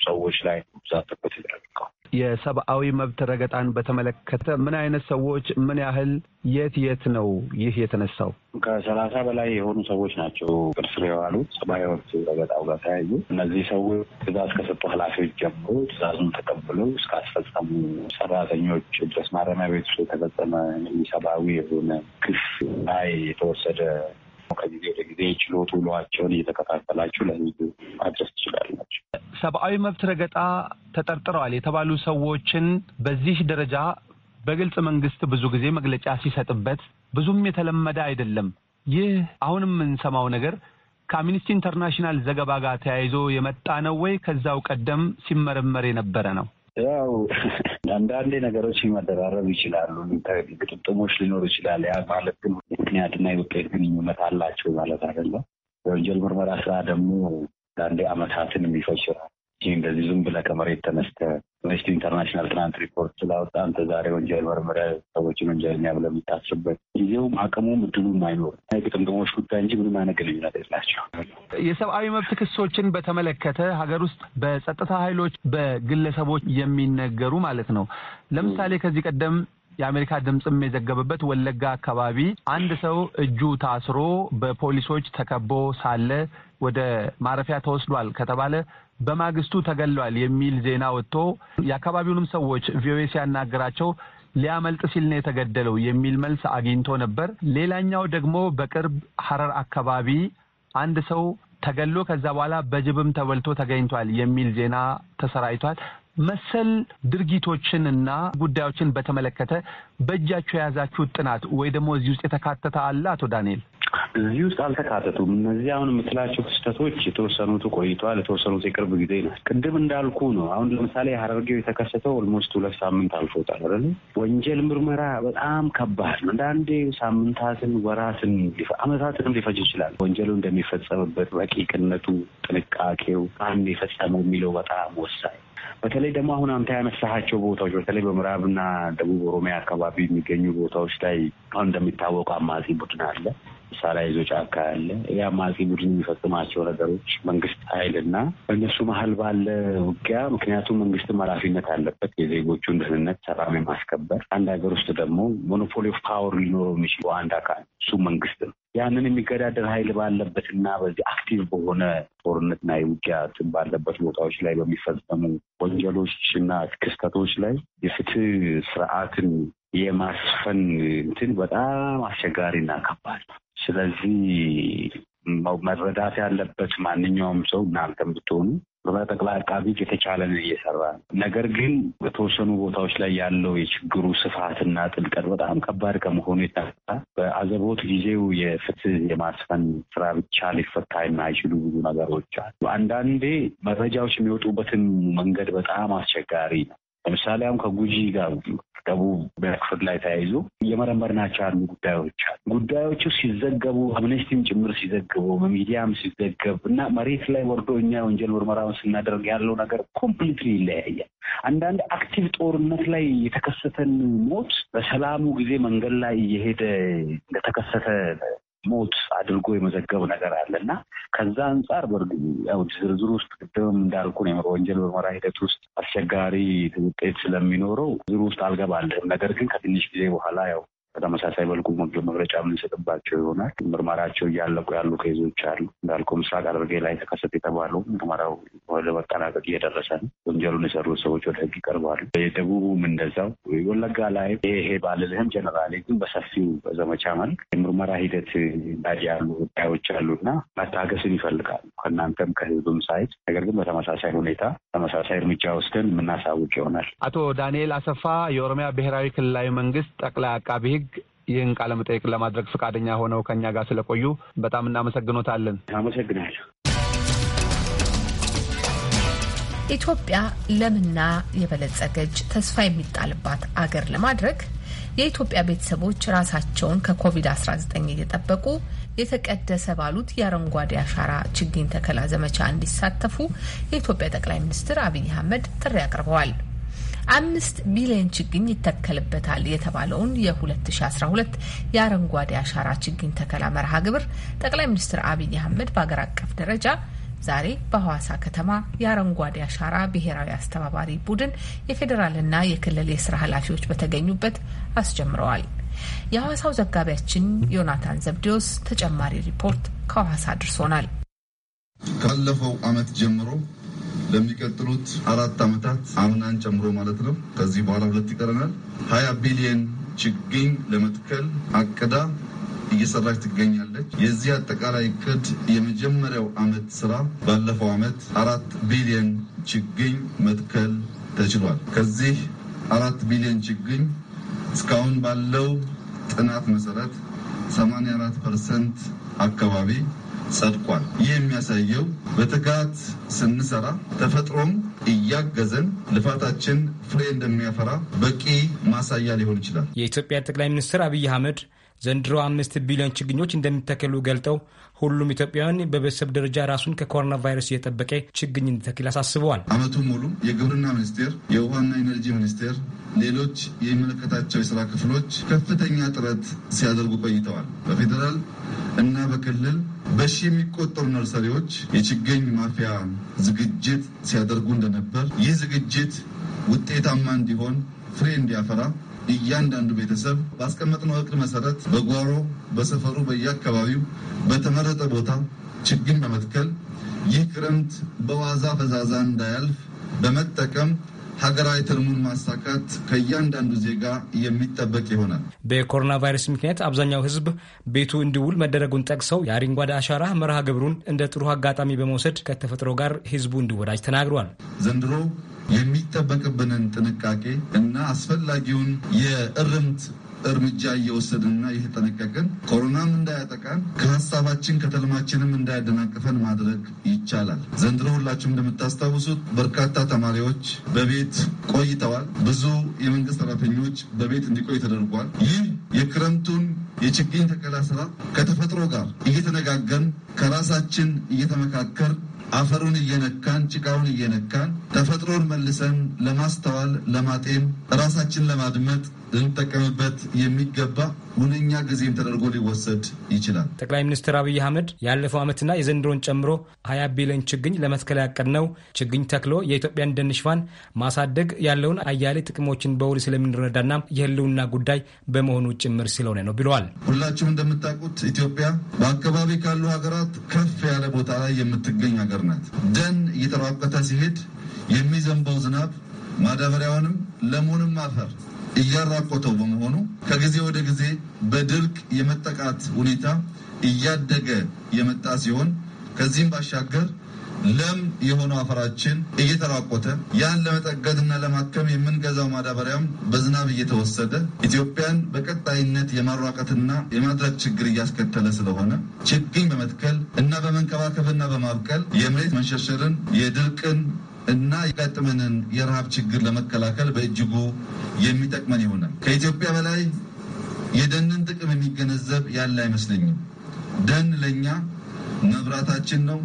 Speaker 14: ሰዎች ላይ ብዛት ትኩረት የተደረገው
Speaker 13: የሰብአዊ መብት ረገጣን በተመለከተ ምን አይነት ሰዎች ምን ያህል የት የት ነው ይህ የተነሳው?
Speaker 14: ከሰላሳ በላይ የሆኑ ሰዎች ናቸው ቅርስር የዋሉት ሰብአዊ መብት ረገጣው ጋር ተያዩ። እነዚህ ሰዎች ትዕዛዝ ከሰጡ ኃላፊዎች ጀምሮ ትዛዙን ተቀብለው እስከ አስፈጸሙ ሰራተኞች ድረስ ማረሚያ ቤት ውስጥ የተፈጸመ ሰብአዊ የሆነ ክፍ ላይ የተወሰደ ከጊዜ ወደ ጊዜ ችሎት ውሏቸውን እየተከታተላችሁ ለህዝብ ማድረስ ትችላላችሁ።
Speaker 13: ሰብአዊ መብት ረገጣ ተጠርጥረዋል የተባሉ ሰዎችን በዚህ ደረጃ በግልጽ መንግስት ብዙ ጊዜ መግለጫ ሲሰጥበት ብዙም የተለመደ አይደለም። ይህ አሁን የምንሰማው ነገር ከአምኒስቲ ኢንተርናሽናል ዘገባ ጋር ተያይዞ የመጣ ነው ወይ ከዛው ቀደም ሲመረመር የነበረ ነው?
Speaker 14: ያው አንዳንዴ ነገሮች ሊመደራረብ ይችላሉ፣ ግጥጥሞች ሊኖሩ ይችላል። ያ ማለት ግን የምክንያትና የውጤት ግንኙነት አላቸው ማለት አይደለም። የወንጀል ምርመራ ስራ ደግሞ አንዴ አመታትን የሚፈጅ ነው። ይህ እንደዚህ ዝም ብለህ ከመሬት ተነስተህ አምነስቲ ኢንተርናሽናል ትናንት ሪፖርት ስላወጣ አንተ ዛሬ ወንጀል መርምረህ ሰዎችን ወንጀለኛ ብለህ የምታስርበት ጊዜውም አቅሙም እድሉም አይኖርም። የግጥምጥሞች ጉዳይ እንጂ ምንም አይነት ግንኙነት የላቸው።
Speaker 13: የሰብአዊ መብት ክሶችን በተመለከተ ሀገር ውስጥ በጸጥታ ኃይሎች በግለሰቦች የሚነገሩ ማለት ነው። ለምሳሌ ከዚህ ቀደም የአሜሪካ ድምፅም የዘገበበት ወለጋ አካባቢ አንድ ሰው እጁ ታስሮ በፖሊሶች ተከቦ ሳለ ወደ ማረፊያ ተወስዷል ከተባለ በማግስቱ ተገሏል የሚል ዜና ወጥቶ የአካባቢውንም ሰዎች ቪኦኤ ሲያናገራቸው ሊያመልጥ ሲል ነው የተገደለው የሚል መልስ አግኝቶ ነበር። ሌላኛው ደግሞ በቅርብ ሀረር አካባቢ አንድ ሰው ተገሎ ከዛ በኋላ በጅብም ተበልቶ ተገኝቷል የሚል ዜና ተሰራይቷል። መሰል ድርጊቶችንና ጉዳዮችን በተመለከተ በእጃቸው የያዛችሁ ጥናት ወይ ደግሞ እዚህ ውስጥ የተካተተ አለ? አቶ ዳንኤል
Speaker 14: እዚህ ውስጥ አልተካተቱም። እነዚህ አሁን የምትላቸው ክስተቶች የተወሰኑት ቆይቷል፣ የተወሰኑት የቅርብ ጊዜ ነው። ቅድም እንዳልኩ ነው። አሁን ለምሳሌ ሀረርጌው የተከሰተው ኦልሞስት ሁለት ሳምንት አልፎታል አይደል? ወንጀል ምርመራ በጣም ከባድ ነው። አንዳንዴ ሳምንታትን፣ ወራትን፣ አመታትንም ሊፈጅ ይችላል። ወንጀሉ እንደሚፈጸምበት ረቂቅነቱ፣ ጥንቃቄው፣ አንድ የፈጸመው የሚለው በጣም ወሳኝ በተለይ ደግሞ አሁን አንተ ያነሳሃቸው ቦታዎች በተለይ በምዕራብና ደቡብ ኦሮሚያ አካባቢ የሚገኙ ቦታዎች ላይ አሁን እንደሚታወቀው አማጺ ቡድን አለ። መሳሪያ ይዞ ጫካ ያለ የአማጺ ቡድን የሚፈጽማቸው ነገሮች መንግስት ኃይልና በእነሱ መሀል ባለ ውጊያ ምክንያቱም መንግስትም ኃላፊነት አለበት የዜጎቹን ደህንነት ሰላም የማስከበር አንድ ሀገር ውስጥ ደግሞ ሞኖፖሊ ኦፍ ፓወር ሊኖረው የሚችለው አንድ አካል እሱ መንግስት ነው። ያንን የሚገዳደር ኃይል ባለበትና በዚህ አክቲቭ በሆነ ጦርነትና የውጊያ ባለበት ቦታዎች ላይ በሚፈጸሙ ወንጀሎች እና ክስተቶች ላይ የፍትህ ስርዓትን የማስፈን እንትን በጣም አስቸጋሪና ከባድ ነው። ስለዚህ መረዳት ያለበት ማንኛውም ሰው እናንተም ብትሆኑ በጠቅላይ አቃቢ የተቻለን እየሰራ ነው። ነገር ግን በተወሰኑ ቦታዎች ላይ ያለው የችግሩ ስፋትና ጥልቀት በጣም ከባድ ከመሆኑ የተነሳ በአዘቦት ጊዜው የፍትህ የማስፈን ስራ ብቻ ሊፈታ የማይችሉ ብዙ ነገሮች አሉ። አንዳንዴ መረጃዎች የሚወጡበትን መንገድ በጣም አስቸጋሪ ነው። ለምሳሌ አሁን ከጉጂ ጋር ደቡብ በክፍል ላይ ተያይዞ ናቸው ያሉ ጉዳዮች አሉ። ጉዳዮቹ ሲዘገቡ አምነስቲም ጭምር ሲዘግቡ በሚዲያም ሲዘገብ እና መሬት ላይ ወርዶ እኛ የወንጀል ምርመራውን ስናደርግ ያለው ነገር ኮምፕሊትሊ ይለያያል። አንዳንድ አክቲቭ ጦርነት ላይ የተከሰተን ሞት በሰላሙ ጊዜ መንገድ ላይ እየሄደ እንደተከሰተ ሞት አድርጎ የመዘገብ ነገር አለ እና ከዛ አንጻር በእርግጥ ያው ዝርዝር ውስጥ ቅድምም እንዳልኩ ነው ወንጀል ምርመራ ሂደት ውስጥ አስቸጋሪ ውጤት ስለሚኖረው ዝር ውስጥ አልገባለም። ነገር ግን ከትንሽ ጊዜ በኋላ ያው በተመሳሳይ መልኩ መግለጫ የምንሰጥባቸው ይሆናል። ምርመራቸው እያለቁ ያሉ ኬዞች አሉ። እንዳልኩ ምስራቅ ሐረርጌ ላይ ተከሰት የተባለው ምርመራው ወደ መጠናቀቅ እየደረሰ ነው። ወንጀሉን የሰሩ ሰዎች ወደ ህግ ይቀርባሉ። የደቡቡም እንደዛው፣ ወለጋ ላይ ይሄ ባልልህም ጀነራሌ ግን በሰፊው በዘመቻ መልክ የምርመራ ሂደት ላይ ያሉ ጉዳዮች እና መታገስን ይፈልጋሉ ከእናንተም ከህዝብም ሳይት። ነገር ግን በተመሳሳይ ሁኔታ ተመሳሳይ እርምጃ ወስደን የምናሳውቅ ይሆናል።
Speaker 13: አቶ ዳንኤል አሰፋ የኦሮሚያ ብሔራዊ ክልላዊ መንግስት ጠቅላይ አቃቢ ሊግ ይህን ቃለ መጠይቅ ለማድረግ ፈቃደኛ ሆነው ከእኛ ጋር ስለቆዩ በጣም እናመሰግኖታለን። አመሰግናለሁ።
Speaker 1: ኢትዮጵያ ለምና የበለጸገች ተስፋ የሚጣልባት አገር ለማድረግ የኢትዮጵያ ቤተሰቦች ራሳቸውን ከኮቪድ-19 እየጠበቁ የተቀደሰ ባሉት የአረንጓዴ አሻራ ችግኝ ተከላ ዘመቻ እንዲሳተፉ የኢትዮጵያ ጠቅላይ ሚኒስትር አብይ አህመድ ጥሪ አቅርበዋል። አምስት ቢሊዮን ችግኝ ይተከልበታል የተባለውን የ2012 የአረንጓዴ አሻራ ችግኝ ተከላ መርሃ ግብር ጠቅላይ ሚኒስትር አብይ አህመድ በአገር አቀፍ ደረጃ ዛሬ በሐዋሳ ከተማ የአረንጓዴ አሻራ ብሔራዊ አስተባባሪ ቡድን የፌዴራልና የክልል የስራ ኃላፊዎች በተገኙበት አስጀምረዋል። የሐዋሳው ዘጋቢያችን ዮናታን ዘብዴዎስ ተጨማሪ ሪፖርት ከሐዋሳ አድርሶናል።
Speaker 15: ካለፈው ዓመት ጀምሮ ለሚቀጥሉት አራት ዓመታት አምናን ጨምሮ ማለት ነው። ከዚህ በኋላ ሁለት ይቀረናል። ሀያ ቢሊየን ችግኝ ለመትከል አቅዳ እየሰራች ትገኛለች። የዚህ አጠቃላይ እቅድ የመጀመሪያው ዓመት ስራ ባለፈው ዓመት አራት ቢሊየን ችግኝ መትከል ተችሏል። ከዚህ አራት ቢሊዮን ችግኝ እስካሁን ባለው ጥናት መሰረት 84 ፐርሰንት አካባቢ ጸድቋል። ይህ የሚያሳየው በትጋት ስንሰራ ተፈጥሮም እያገዘን ልፋታችን ፍሬ እንደሚያፈራ በቂ ማሳያ ሊሆን ይችላል።
Speaker 16: የኢትዮጵያ ጠቅላይ ሚኒስትር አብይ አህመድ ዘንድሮ አምስት ቢሊዮን ችግኞች እንደሚተከሉ ገልጠው ሁሉም ኢትዮጵያውያን በቤተሰብ ደረጃ ራሱን ከኮሮና ቫይረስ እየጠበቀ ችግኝ እንዲተክል አሳስበዋል።
Speaker 15: አመቱ ሙሉ የግብርና ሚኒስቴር፣ የውሃና ኤነርጂ ሚኒስቴር፣ ሌሎች የሚመለከታቸው የስራ ክፍሎች ከፍተኛ ጥረት ሲያደርጉ ቆይተዋል። በፌዴራል እና በክልል በሺ የሚቆጠሩ ነርሰሪዎች የችግኝ ማፍያ ዝግጅት ሲያደርጉ እንደነበር ይህ ዝግጅት ውጤታማ እንዲሆን ፍሬ እንዲያፈራ እያንዳንዱ ቤተሰብ ባስቀመጥነው እቅድ መሰረት በጓሮ በሰፈሩ በየአካባቢው በተመረጠ ቦታ ችግኝ በመትከል ይህ ክረምት በዋዛ ፈዛዛ እንዳያልፍ በመጠቀም ሀገራዊ ትርሙን ማሳካት ከእያንዳንዱ ዜጋ የሚጠበቅ ይሆናል።
Speaker 16: በኮሮና ቫይረስ ምክንያት አብዛኛው ሕዝብ ቤቱ እንዲውል መደረጉን ጠቅሰው የአረንጓዴ አሻራ መርሃ ግብሩን እንደ ጥሩ አጋጣሚ በመውሰድ ከተፈጥሮ ጋር ሕዝቡ እንዲወዳጅ ተናግሯል።
Speaker 15: ዘንድሮ የሚጠበቅብንን ጥንቃቄ እና አስፈላጊውን የእርምት እርምጃ እየወሰድንና እየተጠነቀቅን ኮሮናም እንዳያጠቃን ከሀሳባችን ከተልማችንም እንዳያደናቅፈን ማድረግ ይቻላል። ዘንድሮ ሁላችሁም እንደምታስታውሱት በርካታ ተማሪዎች በቤት ቆይተዋል። ብዙ የመንግስት ሰራተኞች በቤት እንዲቆይ ተደርጓል። ይህ የክረምቱን የችግኝ ተከላ ስራ ከተፈጥሮ ጋር እየተነጋገርን ከራሳችን እየተመካከር አፈሩን እየነካን ጭቃውን እየነካን ተፈጥሮን መልሰን ለማስተዋል ለማጤን ራሳችን ለማድመጥ ልንጠቀምበት የሚገባ ሁነኛ ጊዜም ተደርጎ ሊወሰድ ይችላል።
Speaker 16: ጠቅላይ ሚኒስትር አብይ አህመድ ያለፈው ዓመትና የዘንድሮን ጨምሮ ሀያ ቢሊዮን ችግኝ ለመትከል ያቀድነው ችግኝ ተክሎ የኢትዮጵያን ደን ሽፋን ማሳደግ ያለውን አያሌ ጥቅሞችን በውል ስለምንረዳና የህልውና ጉዳይ በመሆኑ ጭምር ስለሆነ ነው ብለዋል።
Speaker 15: ሁላችሁም እንደምታውቁት ኢትዮጵያ በአካባቢ ካሉ ሀገራት ከፍ ያለ ቦታ ላይ የምትገኝ ሀገር ናት። ደን እየተራቆተ ሲሄድ የሚዘንበው ዝናብ ማዳበሪያውንም ለሙንም አፈር እያራቆተው በመሆኑ ከጊዜ ወደ ጊዜ በድርቅ የመጠቃት ሁኔታ እያደገ የመጣ ሲሆን ከዚህም ባሻገር ለም የሆነው አፈራችን እየተራቆተ ያን ለመጠገድና ለማከም የምንገዛው ማዳበሪያም በዝናብ እየተወሰደ ኢትዮጵያን በቀጣይነት የማራቀትና የማድረግ ችግር እያስከተለ ስለሆነ ችግኝ በመትከል እና በመንከባከብና በማብቀል የመሬት መንሸርሸርን፣ የድርቅን እና የገጠመንን የረሃብ ችግር ለመከላከል በእጅጉ የሚጠቅመን ይሆናል። ከኢትዮጵያ በላይ የደንን ጥቅም የሚገነዘብ ያለ አይመስለኝም። ደን ለእኛ መብራታችን ነው፣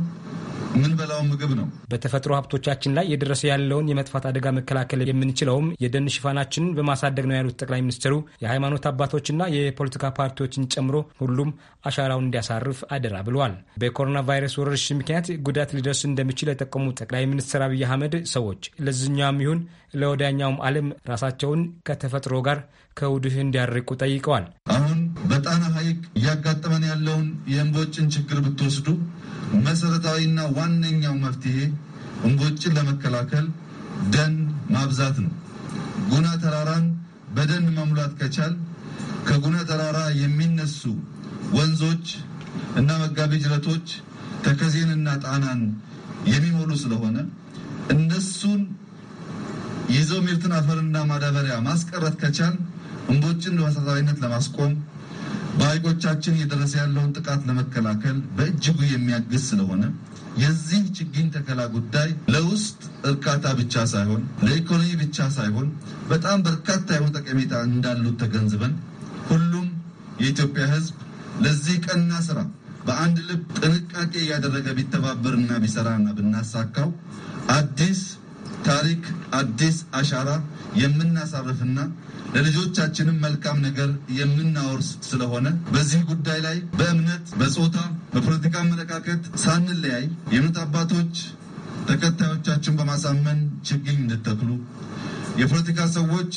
Speaker 15: የምንበላው ምግብ ነው።
Speaker 16: በተፈጥሮ ሀብቶቻችን ላይ የደረሰ ያለውን የመጥፋት አደጋ መከላከል የምንችለውም የደን ሽፋናችንን በማሳደግ ነው ያሉት ጠቅላይ ሚኒስትሩ የሃይማኖት አባቶችና የፖለቲካ ፓርቲዎችን ጨምሮ ሁሉም አሻራውን እንዲያሳርፍ አደራ ብለዋል። በኮሮና ቫይረስ ወረርሽኝ ምክንያት ጉዳት ሊደርስ እንደሚችል የጠቀሙት ጠቅላይ ሚኒስትር አብይ አህመድ ሰዎች ለዚኛውም ይሁን ለወዳኛውም ዓለም ራሳቸውን ከተፈጥሮ ጋር ከውድህ እንዲያርቁ ጠይቀዋል።
Speaker 15: አሁን በጣና ሐይቅ እያጋጠመን ያለውን የእምቦጭን ችግር ብትወስዱ መሰረታዊና ዋነኛው መፍትሄ እምቦጭን ለመከላከል ደን ማብዛት ነው። ጉና ተራራን በደን መሙላት ከቻል ከጉና ተራራ የሚነሱ ወንዞች እና መጋቢ ጅረቶች ተከዜንና ጣናን የሚሞሉ ስለሆነ እነሱን ይዘው ሚርትን አፈርና ማዳበሪያ ማስቀረት ከቻል እምቦጭን በመሰረታዊነት ለማስቆም በሐይቆቻችን እየደረሰ ያለውን ጥቃት ለመከላከል በእጅጉ የሚያግዝ ስለሆነ የዚህ ችግኝ ተከላ ጉዳይ ለውስጥ እርካታ ብቻ ሳይሆን ለኢኮኖሚ ብቻ ሳይሆን በጣም በርካታ የሆነ ጠቀሜታ እንዳሉት ተገንዝበን ሁሉም የኢትዮጵያ ሕዝብ ለዚህ ቀና ስራ በአንድ ልብ ጥንቃቄ እያደረገ ቢተባበርና ቢሰራና ብናሳካው አዲስ ታሪክ አዲስ አሻራ የምናሳርፍና ለልጆቻችንም መልካም ነገር የምናወርስ ስለሆነ በዚህ ጉዳይ ላይ በእምነት፣ በጾታ፣ በፖለቲካ አመለካከት ሳንለያይ የእምነት አባቶች ተከታዮቻችን በማሳመን ችግኝ እንድተክሉ የፖለቲካ ሰዎች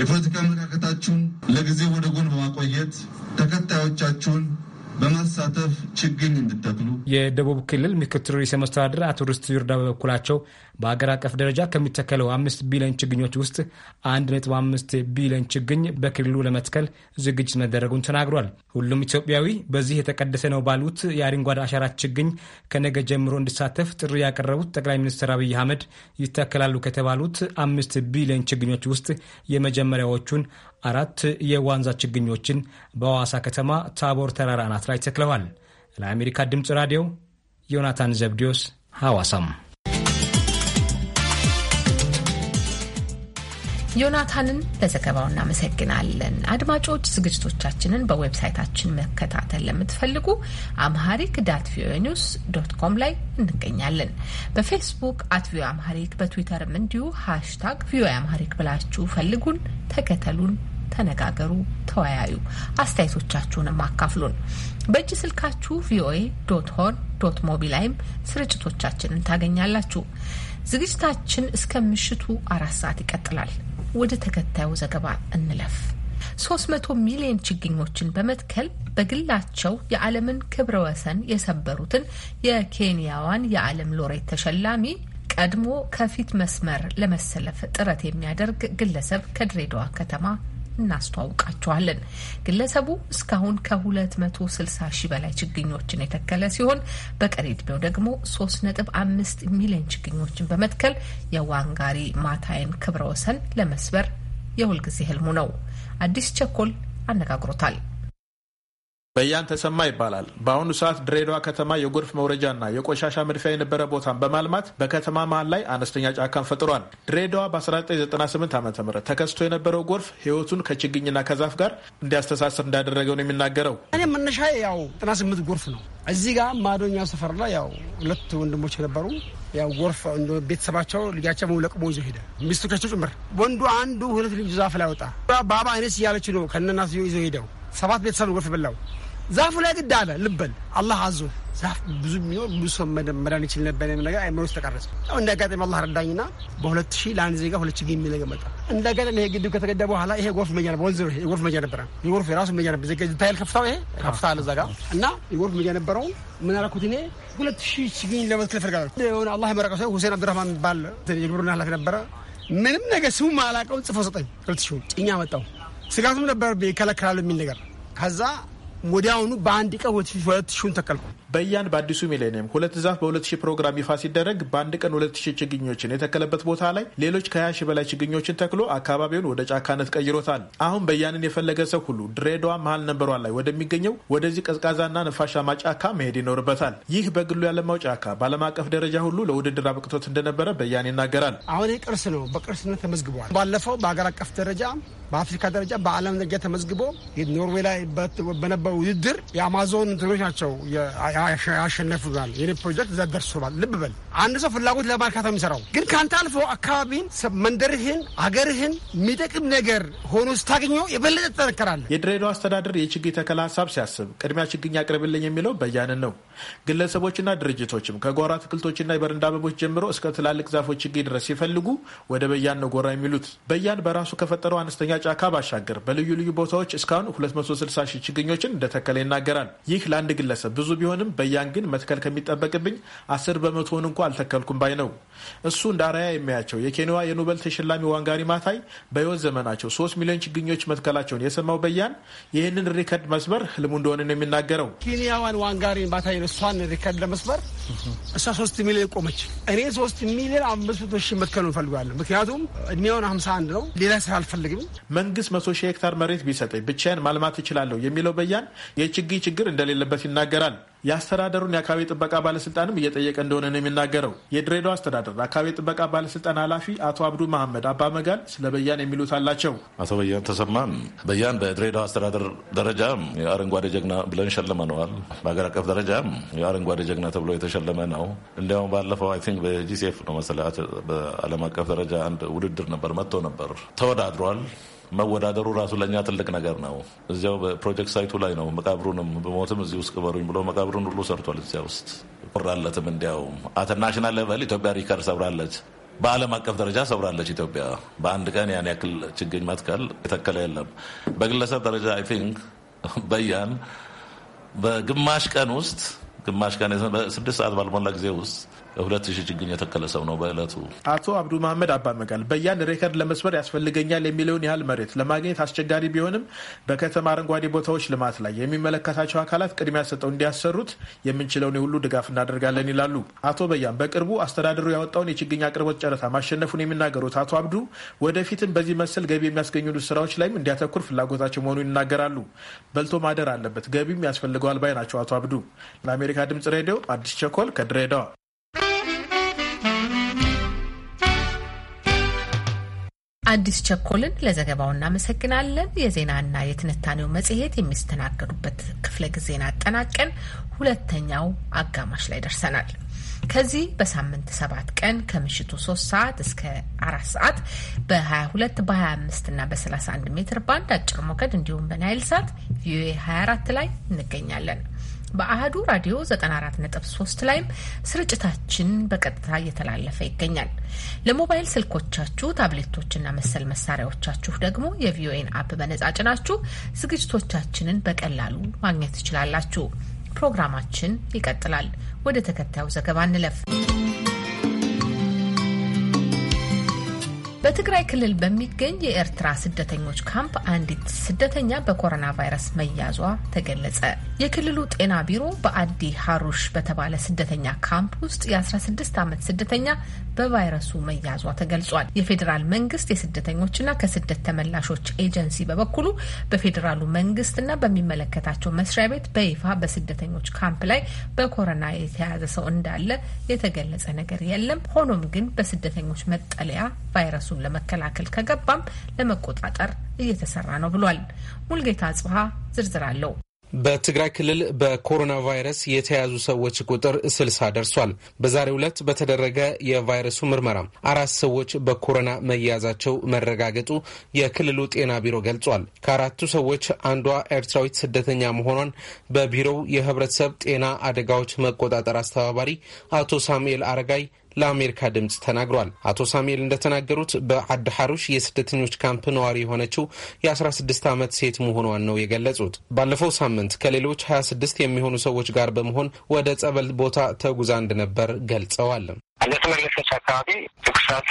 Speaker 15: የፖለቲካ አመለካከታችሁን ለጊዜው ወደ ጎን በማቆየት ተከታዮቻችሁን በማሳተፍ ችግኝ እንድተክሉ።
Speaker 16: የደቡብ ክልል ምክትል ርዕሰ መስተዳድር አቶ ርስቱ ይርዳ በበኩላቸው በሀገር አቀፍ ደረጃ ከሚተከለው አምስት ቢሊዮን ችግኞች ውስጥ አንድ ነጥብ አምስት ቢሊዮን ችግኝ በክልሉ ለመትከል ዝግጅት መደረጉን ተናግሯል። ሁሉም ኢትዮጵያዊ በዚህ የተቀደሰ ነው ባሉት የአረንጓዴ አሻራ ችግኝ ከነገ ጀምሮ እንዲሳተፍ ጥሪ ያቀረቡት ጠቅላይ ሚኒስትር አብይ አህመድ ይተከላሉ ከተባሉት አምስት ቢሊዮን ችግኞች ውስጥ የመጀመሪያዎቹን አራት የዋንዛ ችግኞችን በሐዋሳ ከተማ ታቦር ተራራ አናት ላይ ተክለዋል። ለአሜሪካ ድምፅ ራዲዮ ዮናታን ዘብዲዮስ ሐዋሳም
Speaker 1: ዮናታንን ለዘገባው እናመሰግናለን። አድማጮች ዝግጅቶቻችንን በዌብሳይታችን መከታተል ለምትፈልጉ አምሃሪክ ዳት ቪኦኤ ኒውስ ዶት ኮም ላይ እንገኛለን። በፌስቡክ አት ቪኦኤ አምሃሪክ፣ በትዊተርም እንዲሁ ሃሽታግ ቪኦኤ አምሃሪክ ብላችሁ ፈልጉን፣ ተከተሉን፣ ተነጋገሩ፣ ተወያዩ፣ አስተያየቶቻችሁንም አካፍሉን። በእጅ ስልካችሁ ቪኦኤ ዶት ሆን ዶት ሞቢ ላይም ስርጭቶቻችንን ታገኛላችሁ። ዝግጅታችን እስከ ምሽቱ አራት ሰዓት ይቀጥላል። ወደ ተከታዩ ዘገባ እንለፍ። 300 ሚሊዮን ችግኞችን በመትከል በግላቸው የዓለምን ክብረ ወሰን የሰበሩትን የኬንያዋን የዓለም ሎሬት ተሸላሚ ቀድሞ ከፊት መስመር ለመሰለፍ ጥረት የሚያደርግ ግለሰብ ከድሬዳዋ ከተማ እናስተዋውቃችኋለን። ግለሰቡ እስካሁን ከ260 ሺህ በላይ ችግኞችን የተከለ ሲሆን በቀሪ ዕድሜው ደግሞ 3.5 ሚሊዮን ችግኞችን በመትከል የዋንጋሪ ማታይን ክብረ ወሰን ለመስበር የሁልጊዜ ህልሙ ነው። አዲስ ቸኮል አነጋግሮታል።
Speaker 10: በያን ተሰማ ይባላል። በአሁኑ ሰዓት ድሬዳዋ ከተማ የጎርፍ መውረጃና የቆሻሻ መድፊያ የነበረ ቦታን በማልማት በከተማ መሀል ላይ አነስተኛ ጫካን ፈጥሯል። ድሬዳዋ በ1998 ዓ ም ተከስቶ የነበረው ጎርፍ ህይወቱን ከችግኝና ከዛፍ ጋር እንዲያስተሳስር እንዳደረገው ነው የሚናገረው።
Speaker 9: እኔ መነሻ ያው 98 ጎርፍ ነው። እዚህ ጋር ማዶኛ ሰፈር ላይ ያው ሁለት ወንድሞች የነበሩ ያው ጎርፍ ቤተሰባቸው ልጃቸው ለቅሞ ይዞ ሄደ፣ ከቸው ጭምር ወንዱ አንዱ ሁለት ልጅ ዛፍ ላይ ወጣ። ባባ አይነት እያለች ነው ከነናት ይዞ ሄደው ሰባት ቤተሰብ ነው ጎርፍ የበላው። ዛፉ ላይ ግድ አለ ልበል አላህ አዞ ዛፍ ብዙ የሚሆን ብዙ ሰው መዳን ይችል ነበር የሚል ነገር አይምሮ ውስጥ ተቀረጸ። እንደ አጋጣሚ አላህ ረዳኝና በሁለት ሺህ ለአንድ ዜጋ ሁለት ሺህ የሚለገ መጣ። እንደ አጋጣሚ ይሄ ግድብ ከተገደ በኋላ ይሄ ጎርፍ መጃ ነበር፣ ወንዝ የጎርፍ መጃ ነበረ። የጎርፍ የራሱ መጃ ነበር። ታይል ከፍታው ይሄ ከፍታ አለ እዛ ጋ እና የጎርፍ መጃ ነበረው። ምን አደረኩት እኔ ሁለት ሺህ ችግኝ ለመትከል ፈልጋለ ሆነ አላህ የመረቀ ሰው ሁሴን አብዱራህማን የሚባል የግብርና ኃላፊ ነበረ። ምንም ነገር ስሙ ማላቀውን ጽፎ ሰጠኝ። ሁለት ሺ ጭኛ መጣው ስጋቱም ነበር ይከለክላሉ የሚል ነገር። ከዛ
Speaker 10: ወዲያውኑ በአንድ ቀን ሁለት ሺውን ተከልኩ። በያን በአዲሱ ሚሌኒየም ሁለት ዛፍ በሁለት ሺህ ፕሮግራም ይፋ ሲደረግ በአንድ ቀን ሁለት ሺህ ችግኞችን የተከለበት ቦታ ላይ ሌሎች ከሀያ ሺህ በላይ ችግኞችን ተክሎ አካባቢውን ወደ ጫካነት ቀይሮታል። አሁን በያንን የፈለገ ሰው ሁሉ ድሬዳዋ መሀል ነበሯ ላይ ወደሚገኘው ወደዚህ ቀዝቃዛና ነፋሻማ ጫካ መሄድ ይኖርበታል። ይህ በግሉ ያለማው ጫካ በዓለም አቀፍ ደረጃ ሁሉ ለውድድር አብቅቶት እንደነበረ በያን ይናገራል።
Speaker 9: አሁን ቅርስ ነው፣ በቅርስነት ተመዝግቧል። ባለፈው በሀገር አቀፍ ደረጃ በአፍሪካ ደረጃ በዓለም ደረጃ ተመዝግቦ ኖርዌይ ላይ በነበረው ውድድር የአማዞን እንትኖች ናቸው ያሸነፉናል። የኔ ፕሮጀክት እዛ ልብ በል አንድ ሰው ፍላጎት ለማርካት ነው የሚሰራው። ግን ከአንተ አልፎ አካባቢን፣ መንደርህን፣
Speaker 10: አገርህን የሚጠቅም ነገር ሆኖ ስታገኘው የበለጠ ትጠነከራለህ። የድሬዳዋ አስተዳደር የችግኝ ተከላ ሀሳብ ሲያስብ ቅድሚያ ችግኝ አቅርብልኝ የሚለው በያንን ነው። ግለሰቦችና ድርጅቶችም ከጓሮ አትክልቶችና የበረንዳ አበቦች ጀምሮ እስከ ትላልቅ ዛፎች ችግኝ ድረስ ሲፈልጉ ወደ በያን ነው ጎራ የሚሉት። በያን በራሱ ከፈጠረው አነስተኛ ጫካ ባሻገር በልዩ ልዩ ቦታዎች እስካሁን 260 ሺህ ችግኞችን እንደተከለ ይናገራል። ይህ ለአንድ ግለሰብ ብዙ ቢሆንም በያን ግን መትከል ከሚጠበቅብኝ አስር በመቶውን እንኳ አልተከልኩም ባይ ነው። እሱ እንደ አርአያ የሚያቸው የኬንያዋ የኖበል ተሸላሚ ዋንጋሪ ማታይ በሕይወት ዘመናቸው ሶስት ሚሊዮን ችግኞች መትከላቸውን የሰማው በያን ይህንን ሪከርድ መስበር ህልሙ እንደሆነ ነው የሚናገረው። ኬንያዋን ዋንጋሪ ማታይ
Speaker 9: እሷን ሪከርድ ለመስበር እሷ
Speaker 10: ሶስት ሚሊዮን ቆመች። እኔ ሶስት ሚሊዮን አምስት መቶ ሺህ መትከሉ እንፈልጋለን። ምክንያቱም እድሜውን ሀምሳ አንድ ነው። ሌላ ስራ አልፈልግም። መንግስት መቶ ሺህ ሄክታር መሬት ቢሰጠኝ ብቻዬን ማልማት እችላለሁ የሚለው በያን የችግኝ ችግር እንደሌለበት ይናገራል። የአስተዳደሩን የአካባቢ ጥበቃ ባለስልጣንም እየጠየቀ እንደሆነ ነው የሚናገረው። የድሬዳዋ አስተዳደር አካባቢ ጥበቃ ባለስልጣን ኃላፊ አቶ አብዱ መሐመድ አባ መጋል ስለ በያን የሚሉት አላቸው። አቶ በያን ተሰማን በያን በድሬዳዋ አስተዳደር ደረጃ የአረንጓዴ ጀግና ብለን ሸልመነዋል። በሀገር አቀፍ ደረጃ የአረንጓዴ ጀግና ተብሎ የተሸለመ ነው።
Speaker 15: እንዲያውም ባለፈው አይ ቲንክ በጂሴፍ ነው መሰለህ በዓለም አቀፍ ደረጃ አንድ ውድድር ነበር መጥቶ ነበር ተወዳድሯል። መወዳደሩ ራሱ ለእኛ ትልቅ ነገር ነው። እዚያው በፕሮጀክት ሳይቱ ላይ ነው። መቃብሩንም ብሞትም እዚህ ውስጥ ቅበሩኝ ብሎ መቃብሩን ሁሉ ሰርቷል። እዚያ ውስጥ ቁራለትም እንዲያውም አተናሽናል ሌቨል ኢትዮጵያ ሪከርድ ሰብራለች። በዓለም አቀፍ ደረጃ ሰብራለች ኢትዮጵያ። በአንድ ቀን ያን ያክል ችግኝ መትከል የተከለ የለም። በግለሰብ ደረጃ አይ ቲንክ በያን በግማሽ ቀን ውስጥ ግማሽ ቀን በስድስት ሰዓት ባልሞላ ጊዜ ውስጥ ሁለት ሺህ ችግኝ የተከለ ሰው ነው በእለቱ።
Speaker 10: አቶ አብዱ መሀመድ አባመጋል በያን ሬከርድ ለመስበር ያስፈልገኛል የሚለውን ያህል መሬት ለማግኘት አስቸጋሪ ቢሆንም በከተማ አረንጓዴ ቦታዎች ልማት ላይ የሚመለከታቸው አካላት ቅድሚያ ሰጠው እንዲያሰሩት የምንችለውን የሁሉ ድጋፍ እናደርጋለን ይላሉ አቶ በያን። በቅርቡ አስተዳደሩ ያወጣውን የችግኝ አቅርቦት ጨረታ ማሸነፉን የሚናገሩት አቶ አብዱ ወደፊትም በዚህ መሰል ገቢ የሚያስገኙ ስራዎች ላይም እንዲያተኩር ፍላጎታቸው መሆኑን ይናገራሉ። በልቶ ማደር አለበት፣ ገቢም ያስፈልገዋል ባይ ናቸው አቶ አብዱ። ለአሜሪካ ድምጽ ሬዲዮ አዲስ ቸኮል ከድሬዳዋ
Speaker 1: አዲስ ቸኮልን ለዘገባው እናመሰግናለን። የዜናና የትንታኔው መጽሔት የሚስተናገዱበት ክፍለ ጊዜን አጠናቀን ሁለተኛው አጋማሽ ላይ ደርሰናል። ከዚህ በሳምንት ሰባት ቀን ከምሽቱ ሶስት ሰዓት እስከ አራት ሰዓት በ22 በ25 እና በ31 ሜትር ባንድ አጭር ሞገድ እንዲሁም በናይል ሳት ቪኦኤ 24 ላይ እንገኛለን። በአህዱ ራዲዮ 94.3 ላይም ስርጭታችን በቀጥታ እየተላለፈ ይገኛል። ለሞባይል ስልኮቻችሁ ታብሌቶችና መሰል መሳሪያዎቻችሁ ደግሞ የቪኦኤን አፕ በነጻ ጭናችሁ ዝግጅቶቻችንን በቀላሉ ማግኘት ትችላላችሁ። ፕሮግራማችን ይቀጥላል። ወደ ተከታዩ ዘገባ እንለፍ። በትግራይ ክልል በሚገኝ የኤርትራ ስደተኞች ካምፕ አንዲት ስደተኛ በኮሮና ቫይረስ መያዟ ተገለጸ። የክልሉ ጤና ቢሮ በአዲ ሀሩሽ በተባለ ስደተኛ ካምፕ ውስጥ የ16 ዓመት ስደተኛ በቫይረሱ መያዟ ተገልጿል። የፌዴራል መንግስት የስደተኞችና ከስደት ተመላሾች ኤጀንሲ በበኩሉ በፌዴራሉ መንግስትና በሚመለከታቸው መስሪያ ቤት በይፋ በስደተኞች ካምፕ ላይ በኮሮና የተያዘ ሰው እንዳለ የተገለጸ ነገር የለም። ሆኖም ግን በስደተኞች መጠለያ ቫይረሱ ቫይረሱን ለመከላከል ከገባም ለመቆጣጠር እየተሰራ ነው ብሏል። ሙልጌታ ጽሀ ዝርዝር አለው።
Speaker 8: በትግራይ ክልል በኮሮና ቫይረስ የተያዙ ሰዎች ቁጥር ስልሳ ደርሷል። በዛሬው ዕለት በተደረገ የቫይረሱ ምርመራ አራት ሰዎች በኮሮና መያዛቸው መረጋገጡ የክልሉ ጤና ቢሮ ገልጿል። ከአራቱ ሰዎች አንዷ ኤርትራዊት ስደተኛ መሆኗን በቢሮው የህብረተሰብ ጤና አደጋዎች መቆጣጠር አስተባባሪ አቶ ሳሙኤል አረጋይ ለአሜሪካ ድምፅ ተናግሯል። አቶ ሳሙኤል እንደተናገሩት በአድ ሐሩሽ የስደተኞች ካምፕ ነዋሪ የሆነችው የ16 ዓመት ሴት መሆኗን ነው የገለጹት። ባለፈው ሳምንት ከሌሎች 26 የሚሆኑ ሰዎች ጋር በመሆን ወደ ጸበል ቦታ ተጉዛ እንደነበር ገልጸዋል። እንደተመለሰች አካባቢ ትኩሳት፣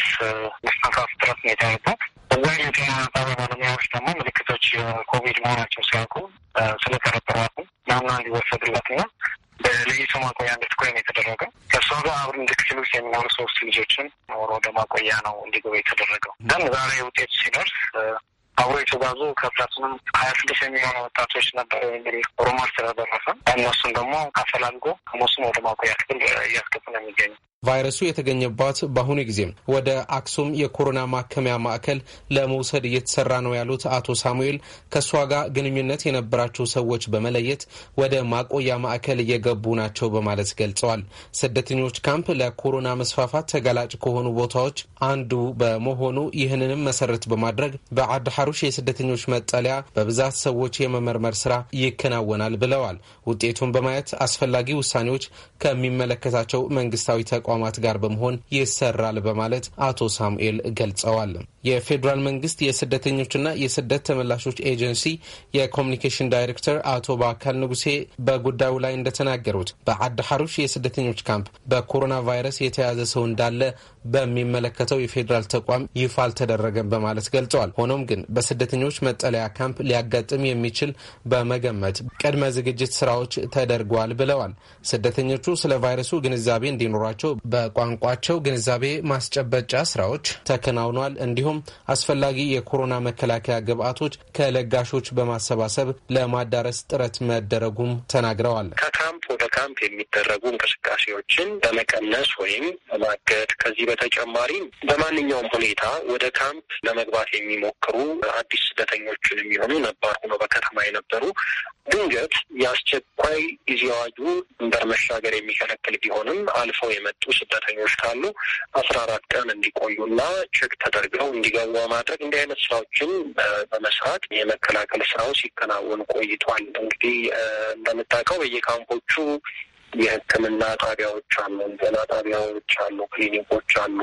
Speaker 8: መስተንፋስ እጥረት ነው የታየባት። እዛ የጤና ጣቢያ ባለሙያዎች ደግሞ ምልክቶች የኮቪድ መሆናቸው ሲያውቁ ስለተረጠሯት
Speaker 6: ናምና እንዲወሰድላት ና ለይቶ ማቆያ እንድትቆይ ነው የተደረገው። ከእሷ ጋር አብረን እንድክፍል ውስጥ የሚኖሩ ሶስት ልጆችን ኖሮ ወደ ማቆያ ነው እንዲገቡ የተደረገው። ግን ዛሬ ውጤት
Speaker 4: ሲደርስ አብሮ የተጓዙ ከፕላቱንም ሀያ ስድስት የሚሆኑ ወጣቶች ነበር የሚል ሮማር ስለደረሰ እነሱን ደግሞ አፈላልጎ ከሞሱም ወደ ማቆያ ክፍል እያስገቡ ነው የሚገኙ
Speaker 8: ቫይረሱ የተገኘባት በአሁኑ ጊዜም ወደ አክሱም የኮሮና ማከሚያ ማዕከል ለመውሰድ እየተሰራ ነው ያሉት አቶ ሳሙኤል ከእሷ ጋር ግንኙነት የነበራቸው ሰዎች በመለየት ወደ ማቆያ ማዕከል እየገቡ ናቸው በማለት ገልጸዋል። ስደተኞች ካምፕ ለኮሮና መስፋፋት ተጋላጭ ከሆኑ ቦታዎች አንዱ በመሆኑ ይህንንም መሰረት በማድረግ በአድ ሐሩሽ የስደተኞች መጠለያ በብዛት ሰዎች የመመርመር ስራ ይከናወናል ብለዋል። ውጤቱን በማየት አስፈላጊ ውሳኔዎች ከሚመለከታቸው መንግስታዊ ተቋ ተቋማት ጋር በመሆን ይሰራል በማለት አቶ ሳሙኤል ገልጸዋል። የፌዴራል መንግስት የስደተኞችና የስደት ተመላሾች ኤጀንሲ የኮሚኒኬሽን ዳይሬክተር አቶ በአካል ንጉሴ በጉዳዩ ላይ እንደተናገሩት በአድ ሐሩሽ የስደተኞች ካምፕ በኮሮና ቫይረስ የተያዘ ሰው እንዳለ በሚመለከተው የፌዴራል ተቋም ይፋ አልተደረገም በማለት ገልጸዋል። ሆኖም ግን በስደተኞች መጠለያ ካምፕ ሊያጋጥም የሚችል በመገመት ቅድመ ዝግጅት ስራዎች ተደርጓል ብለዋል። ስደተኞቹ ስለ ቫይረሱ ግንዛቤ እንዲኖራቸው በቋንቋቸው ግንዛቤ ማስጨበጫ ስራዎች ተከናውኗል። እንዲሁም አስፈላጊ የኮሮና መከላከያ ግብዓቶች ከለጋሾች በማሰባሰብ ለማዳረስ ጥረት መደረጉም ተናግረዋል።
Speaker 4: ካምፕ የሚደረጉ እንቅስቃሴዎችን በመቀነስ ወይም በማገድ ከዚህ በተጨማሪም በማንኛውም ሁኔታ ወደ ካምፕ ለመግባት የሚሞክሩ አዲስ ስደተኞችን የሚሆኑ ነባር ሆኖ በከተማ የነበሩ ድንገት የአስቸኳይ ጊዜ አዋጁ ድንበር መሻገር የሚከለክል ቢሆንም አልፈው የመጡ ስደተኞች ካሉ አስራ አራት ቀን እንዲቆዩና ቼክ ተደርገው እንዲገቡ በማድረግ እንዲህ አይነት ስራዎችን በመስራት የመከላከል ስራው ሲከናወን ቆይቷል። እንግዲህ እንደምታውቀው በየካምፖቹ የሕክምና ጣቢያዎች አሉ፣ ጤና ጣቢያዎች አሉ፣ ክሊኒኮች አሉ።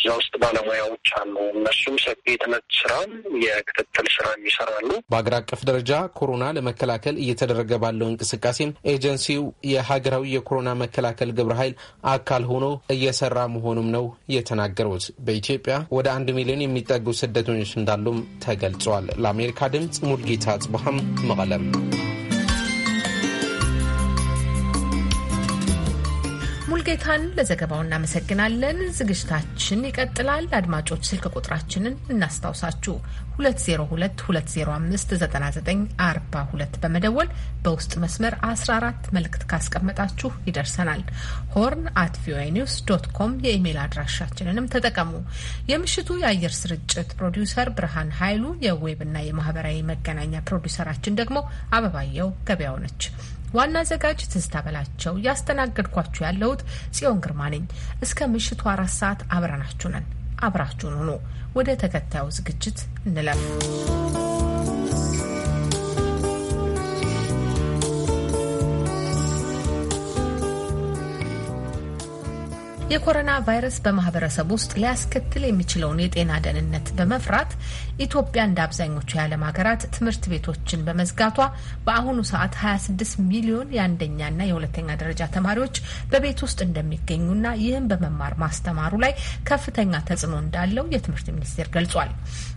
Speaker 4: እዛ ውስጥ ባለሙያዎች አሉ። እነሱም ሰፊ የትምህርት ስራም የክትትል ስራ
Speaker 8: ይሰራሉ። በአገር አቀፍ ደረጃ ኮሮና ለመከላከል እየተደረገ ባለው እንቅስቃሴም ኤጀንሲው የሀገራዊ የኮሮና መከላከል ግብረ ኃይል አካል ሆኖ እየሰራ መሆኑም ነው የተናገሩት። በኢትዮጵያ ወደ አንድ ሚሊዮን የሚጠጉ ስደተኞች እንዳሉም ተገልጿል። ለአሜሪካ ድምፅ ሙልጌታ ጽብሃም መቀለም
Speaker 1: ሙልጌታን ለዘገባው እናመሰግናለን። ዝግጅታችን ይቀጥላል። አድማጮች ስልክ ቁጥራችንን እናስታውሳችሁ 2022059942 በመደወል በውስጥ መስመር 14 መልእክት ካስቀመጣችሁ ይደርሰናል። ሆርን አት ቪኦኤ ኒውስ ዶት ኮም የኢሜይል አድራሻችንንም ተጠቀሙ። የምሽቱ የአየር ስርጭት ፕሮዲውሰር ብርሃን ኃይሉ፣ የዌብና የማህበራዊ መገናኛ ፕሮዲውሰራችን ደግሞ አበባየው ገበያው ነች። ዋና አዘጋጅ ትዝታ በላቸው፣ እያስተናገድኳችሁ ያለሁት ጽዮን ግርማ ነኝ። እስከ ምሽቱ አራት ሰዓት አብረናችሁ ነን። አብራችሁን ሁኑ። ወደ ተከታዩ ዝግጅት እንለፍ። የኮሮና ቫይረስ በማህበረሰብ ውስጥ ሊያስከትል የሚችለውን የጤና ደህንነት በመፍራት ኢትዮጵያ እንደ አብዛኞቹ የዓለም ሀገራት ትምህርት ቤቶችን በመዝጋቷ በአሁኑ ሰዓት 26 ሚሊዮን የአንደኛና የሁለተኛ ደረጃ ተማሪዎች በቤት ውስጥ እንደሚገኙና ይህም በመማር ማስተማሩ ላይ ከፍተኛ ተጽዕኖ እንዳለው የትምህርት ሚኒስቴር ገልጿል።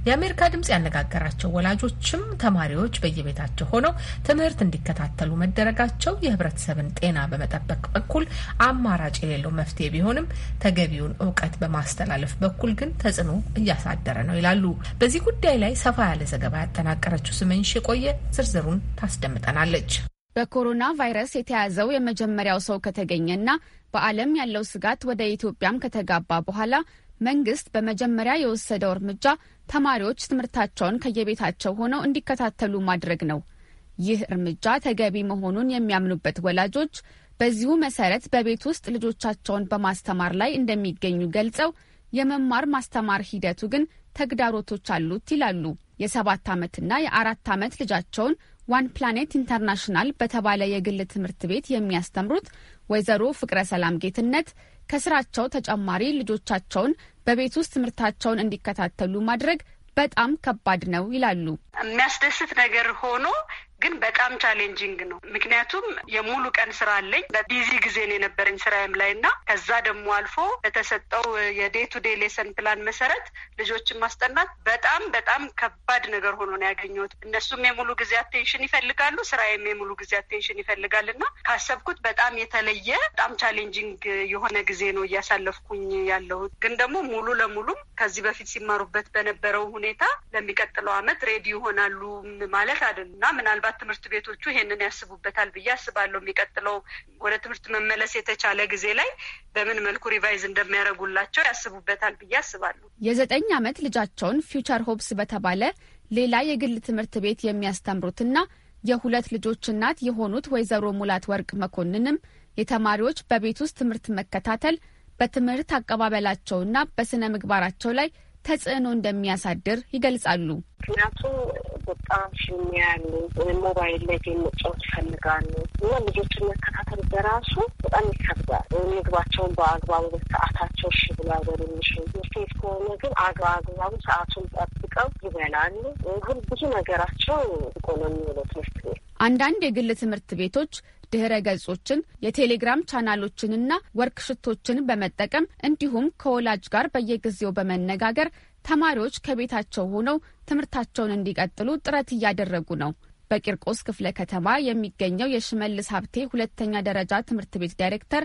Speaker 1: የአሜሪካ ድምጽ ያነጋገራቸው ወላጆችም ተማሪዎች በየቤታቸው ሆነው ትምህርት እንዲከታተሉ መደረጋቸው የህብረተሰብን ጤና በመጠበቅ በኩል አማራጭ የሌለው መፍትሄ ቢሆንም ቢሆንም ተገቢውን እውቀት በማስተላለፍ በኩል ግን ተጽዕኖ እያሳደረ ነው ይላሉ። በዚህ ጉዳይ ላይ ሰፋ ያለ ዘገባ ያጠናቀረችው ስመኝሽ የቆየ ዝርዝሩን ታስደምጠናለች።
Speaker 17: በኮሮና ቫይረስ የተያዘው የመጀመሪያው ሰው ከተገኘና በዓለም ያለው ስጋት ወደ ኢትዮጵያም ከተጋባ በኋላ መንግስት በመጀመሪያ የወሰደው እርምጃ ተማሪዎች ትምህርታቸውን ከየቤታቸው ሆነው እንዲከታተሉ ማድረግ ነው። ይህ እርምጃ ተገቢ መሆኑን የሚያምኑበት ወላጆች በዚሁ መሰረት በቤት ውስጥ ልጆቻቸውን በማስተማር ላይ እንደሚገኙ ገልጸው የመማር ማስተማር ሂደቱ ግን ተግዳሮቶች አሉት ይላሉ። የሰባት ዓመትና የአራት ዓመት ልጃቸውን ዋን ፕላኔት ኢንተርናሽናል በተባለ የግል ትምህርት ቤት የሚያስተምሩት ወይዘሮ ፍቅረ ሰላም ጌትነት ከስራቸው ተጨማሪ ልጆቻቸውን በቤት ውስጥ ትምህርታቸውን እንዲከታተሉ ማድረግ በጣም ከባድ ነው ይላሉ። የሚያስደስት ነገር ሆኖ ግን በጣም ቻሌንጂንግ ነው። ምክንያቱም የሙሉ ቀን ስራ አለኝ። በቢዚ ጊዜ ነው የነበረኝ ስራዬም ላይ እና ከዛ ደግሞ አልፎ በተሰጠው የዴይ ቱ ዴይ ሌሰን ፕላን መሰረት ልጆችን ማስጠናት በጣም በጣም ከባድ ነገር ሆኖ ነው ያገኘሁት። እነሱም የሙሉ ጊዜ አቴንሽን ይፈልጋሉ፣ ስራዬም የሙሉ ጊዜ አቴንሽን ይፈልጋል እና ካሰብኩት በጣም የተለየ በጣም ቻሌንጂንግ የሆነ ጊዜ ነው እያሳለፍኩኝ ያለሁት። ግን ደግሞ ሙሉ ለሙሉም ከዚህ በፊት ሲማሩበት በነበረው ሁኔታ ለሚቀጥለው አመት ሬዲ ይሆናሉ ማለት አይደል እና ምናልባት ምናልባት ትምህርት ቤቶቹ ይሄንን ያስቡበታል ብዬ አስባለሁ። የሚቀጥለው ወደ ትምህርት መመለስ የተቻለ ጊዜ ላይ በምን መልኩ ሪቫይዝ እንደሚያደርጉላቸው ያስቡበታል ብዬ አስባለሁ። የዘጠኝ ዓመት ልጃቸውን ፊውቸር ሆፕስ በተባለ ሌላ የግል ትምህርት ቤት የሚያስተምሩትና የሁለት ልጆች እናት የሆኑት ወይዘሮ ሙላት ወርቅ መኮንንም የተማሪዎች በቤት ውስጥ ትምህርት መከታተል በትምህርት አቀባበላቸውና በስነ ምግባራቸው ላይ ተጽዕኖ እንደሚያሳድር ይገልጻሉ።
Speaker 12: ምክንያቱ በጣም ፊልም ያሉ ሞባይል ላይ ጌም መጫወት ይፈልጋሉ እና ልጆችን መከታተል በራሱ በጣም ይከብዳል። ምግባቸውን በአግባቡ በሰዓታቸው እሺ ብሎ ያበሉ ሴት ከሆነ ግን አግባ አግባቡ ሰዓቱን ጠብቀው ይበላሉ። ግን ብዙ ነገራቸው ኢኮኖሚ ሆኖ ትምህርት ቤት
Speaker 17: አንዳንድ የግል ትምህርት ቤቶች ድህረ ገጾችን፣ የቴሌግራም ቻናሎችንና ሽቶችን በመጠቀም እንዲሁም ከወላጅ ጋር በየጊዜው በመነጋገር ተማሪዎች ከቤታቸው ሆነው ትምህርታቸውን እንዲቀጥሉ ጥረት እያደረጉ ነው። በቂርቆስ ክፍለ ከተማ የሚገኘው የሽመልስ ሀብቴ ሁለተኛ ደረጃ ትምህርት ቤት ዳይሬክተር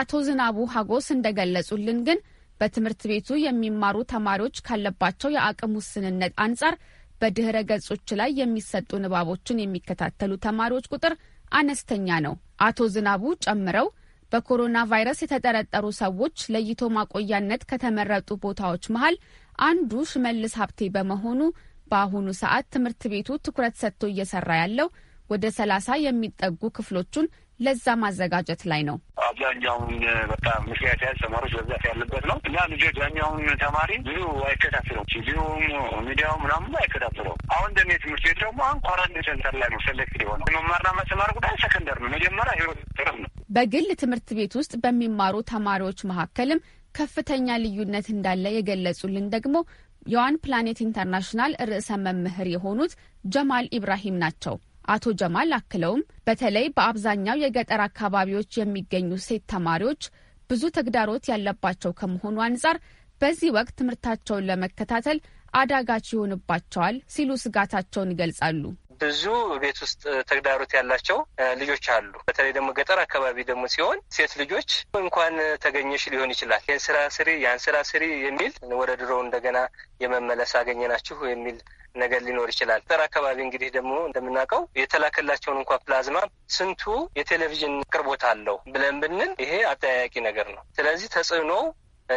Speaker 17: አቶ ዝናቡ ሀጎስ እንደገለጹልን ግን በትምህርት ቤቱ የሚማሩ ተማሪዎች ካለባቸው የአቅም ውስንነት አንጻር በድህረ ገጾች ላይ የሚሰጡ ንባቦችን የሚከታተሉ ተማሪዎች ቁጥር አነስተኛ ነው። አቶ ዝናቡ ጨምረው በኮሮና ቫይረስ የተጠረጠሩ ሰዎች ለይቶ ማቆያነት ከተመረጡ ቦታዎች መሀል አንዱ ሽመልስ ሀብቴ በመሆኑ በአሁኑ ሰዓት ትምህርት ቤቱ ትኩረት ሰጥቶ እየሰራ ያለው ወደ ሰላሳ የሚጠጉ ክፍሎቹን ለዛ ማዘጋጀት ላይ ነው።
Speaker 4: አብዛኛውን በጣም ምክንያት ያዝ ተማሪዎች በብዛት ያለበት ነው እና ልጆች ዛኛውን ተማሪ ብዙ አይከታትለው ቲቪውም ሚዲያው ምናምን አይከታትለው። አሁን እንደኔ ትምህርት ቤት ደግሞ አሁን ኳራንድ ሴንተር ላይ ነው ሴሌክት የሆነው። መማርና ማስተማር ጉዳይ ሰከንደር ነው፣ መጀመሪያ
Speaker 17: ህይወት ጥረት ነው። በግል ትምህርት ቤት ውስጥ በሚማሩ ተማሪዎች መካከልም ከፍተኛ ልዩነት እንዳለ የገለጹልን ደግሞ የዋን ፕላኔት ኢንተርናሽናል ርዕሰ መምህር የሆኑት ጀማል ኢብራሂም ናቸው። አቶ ጀማል አክለውም በተለይ በአብዛኛው የገጠር አካባቢዎች የሚገኙ ሴት ተማሪዎች ብዙ ተግዳሮት ያለባቸው ከመሆኑ አንጻር በዚህ ወቅት ትምህርታቸውን ለመከታተል አዳጋች ይሆንባቸዋል ሲሉ ስጋታቸውን ይገልጻሉ።
Speaker 16: ብዙ ቤት ውስጥ ተግዳሮት ያላቸው ልጆች አሉ። በተለይ ደግሞ ገጠር አካባቢ ደግሞ ሲሆን ሴት ልጆች እንኳን ተገኘሽ ሊሆን ይችላል ይህን ስራ ስሪ ያን ስራ ስሪ የሚል ወደ ድሮ እንደገና የመመለስ አገኘ ናችሁ የሚል ነገር ሊኖር ይችላል። ገጠር አካባቢ እንግዲህ ደግሞ እንደምናውቀው የተላከላቸውን እንኳ ፕላዝማ ስንቱ የቴሌቪዥን ቅርቦት አለው ብለን ብንል ይሄ አጠያያቂ ነገር ነው። ስለዚህ ተጽዕኖ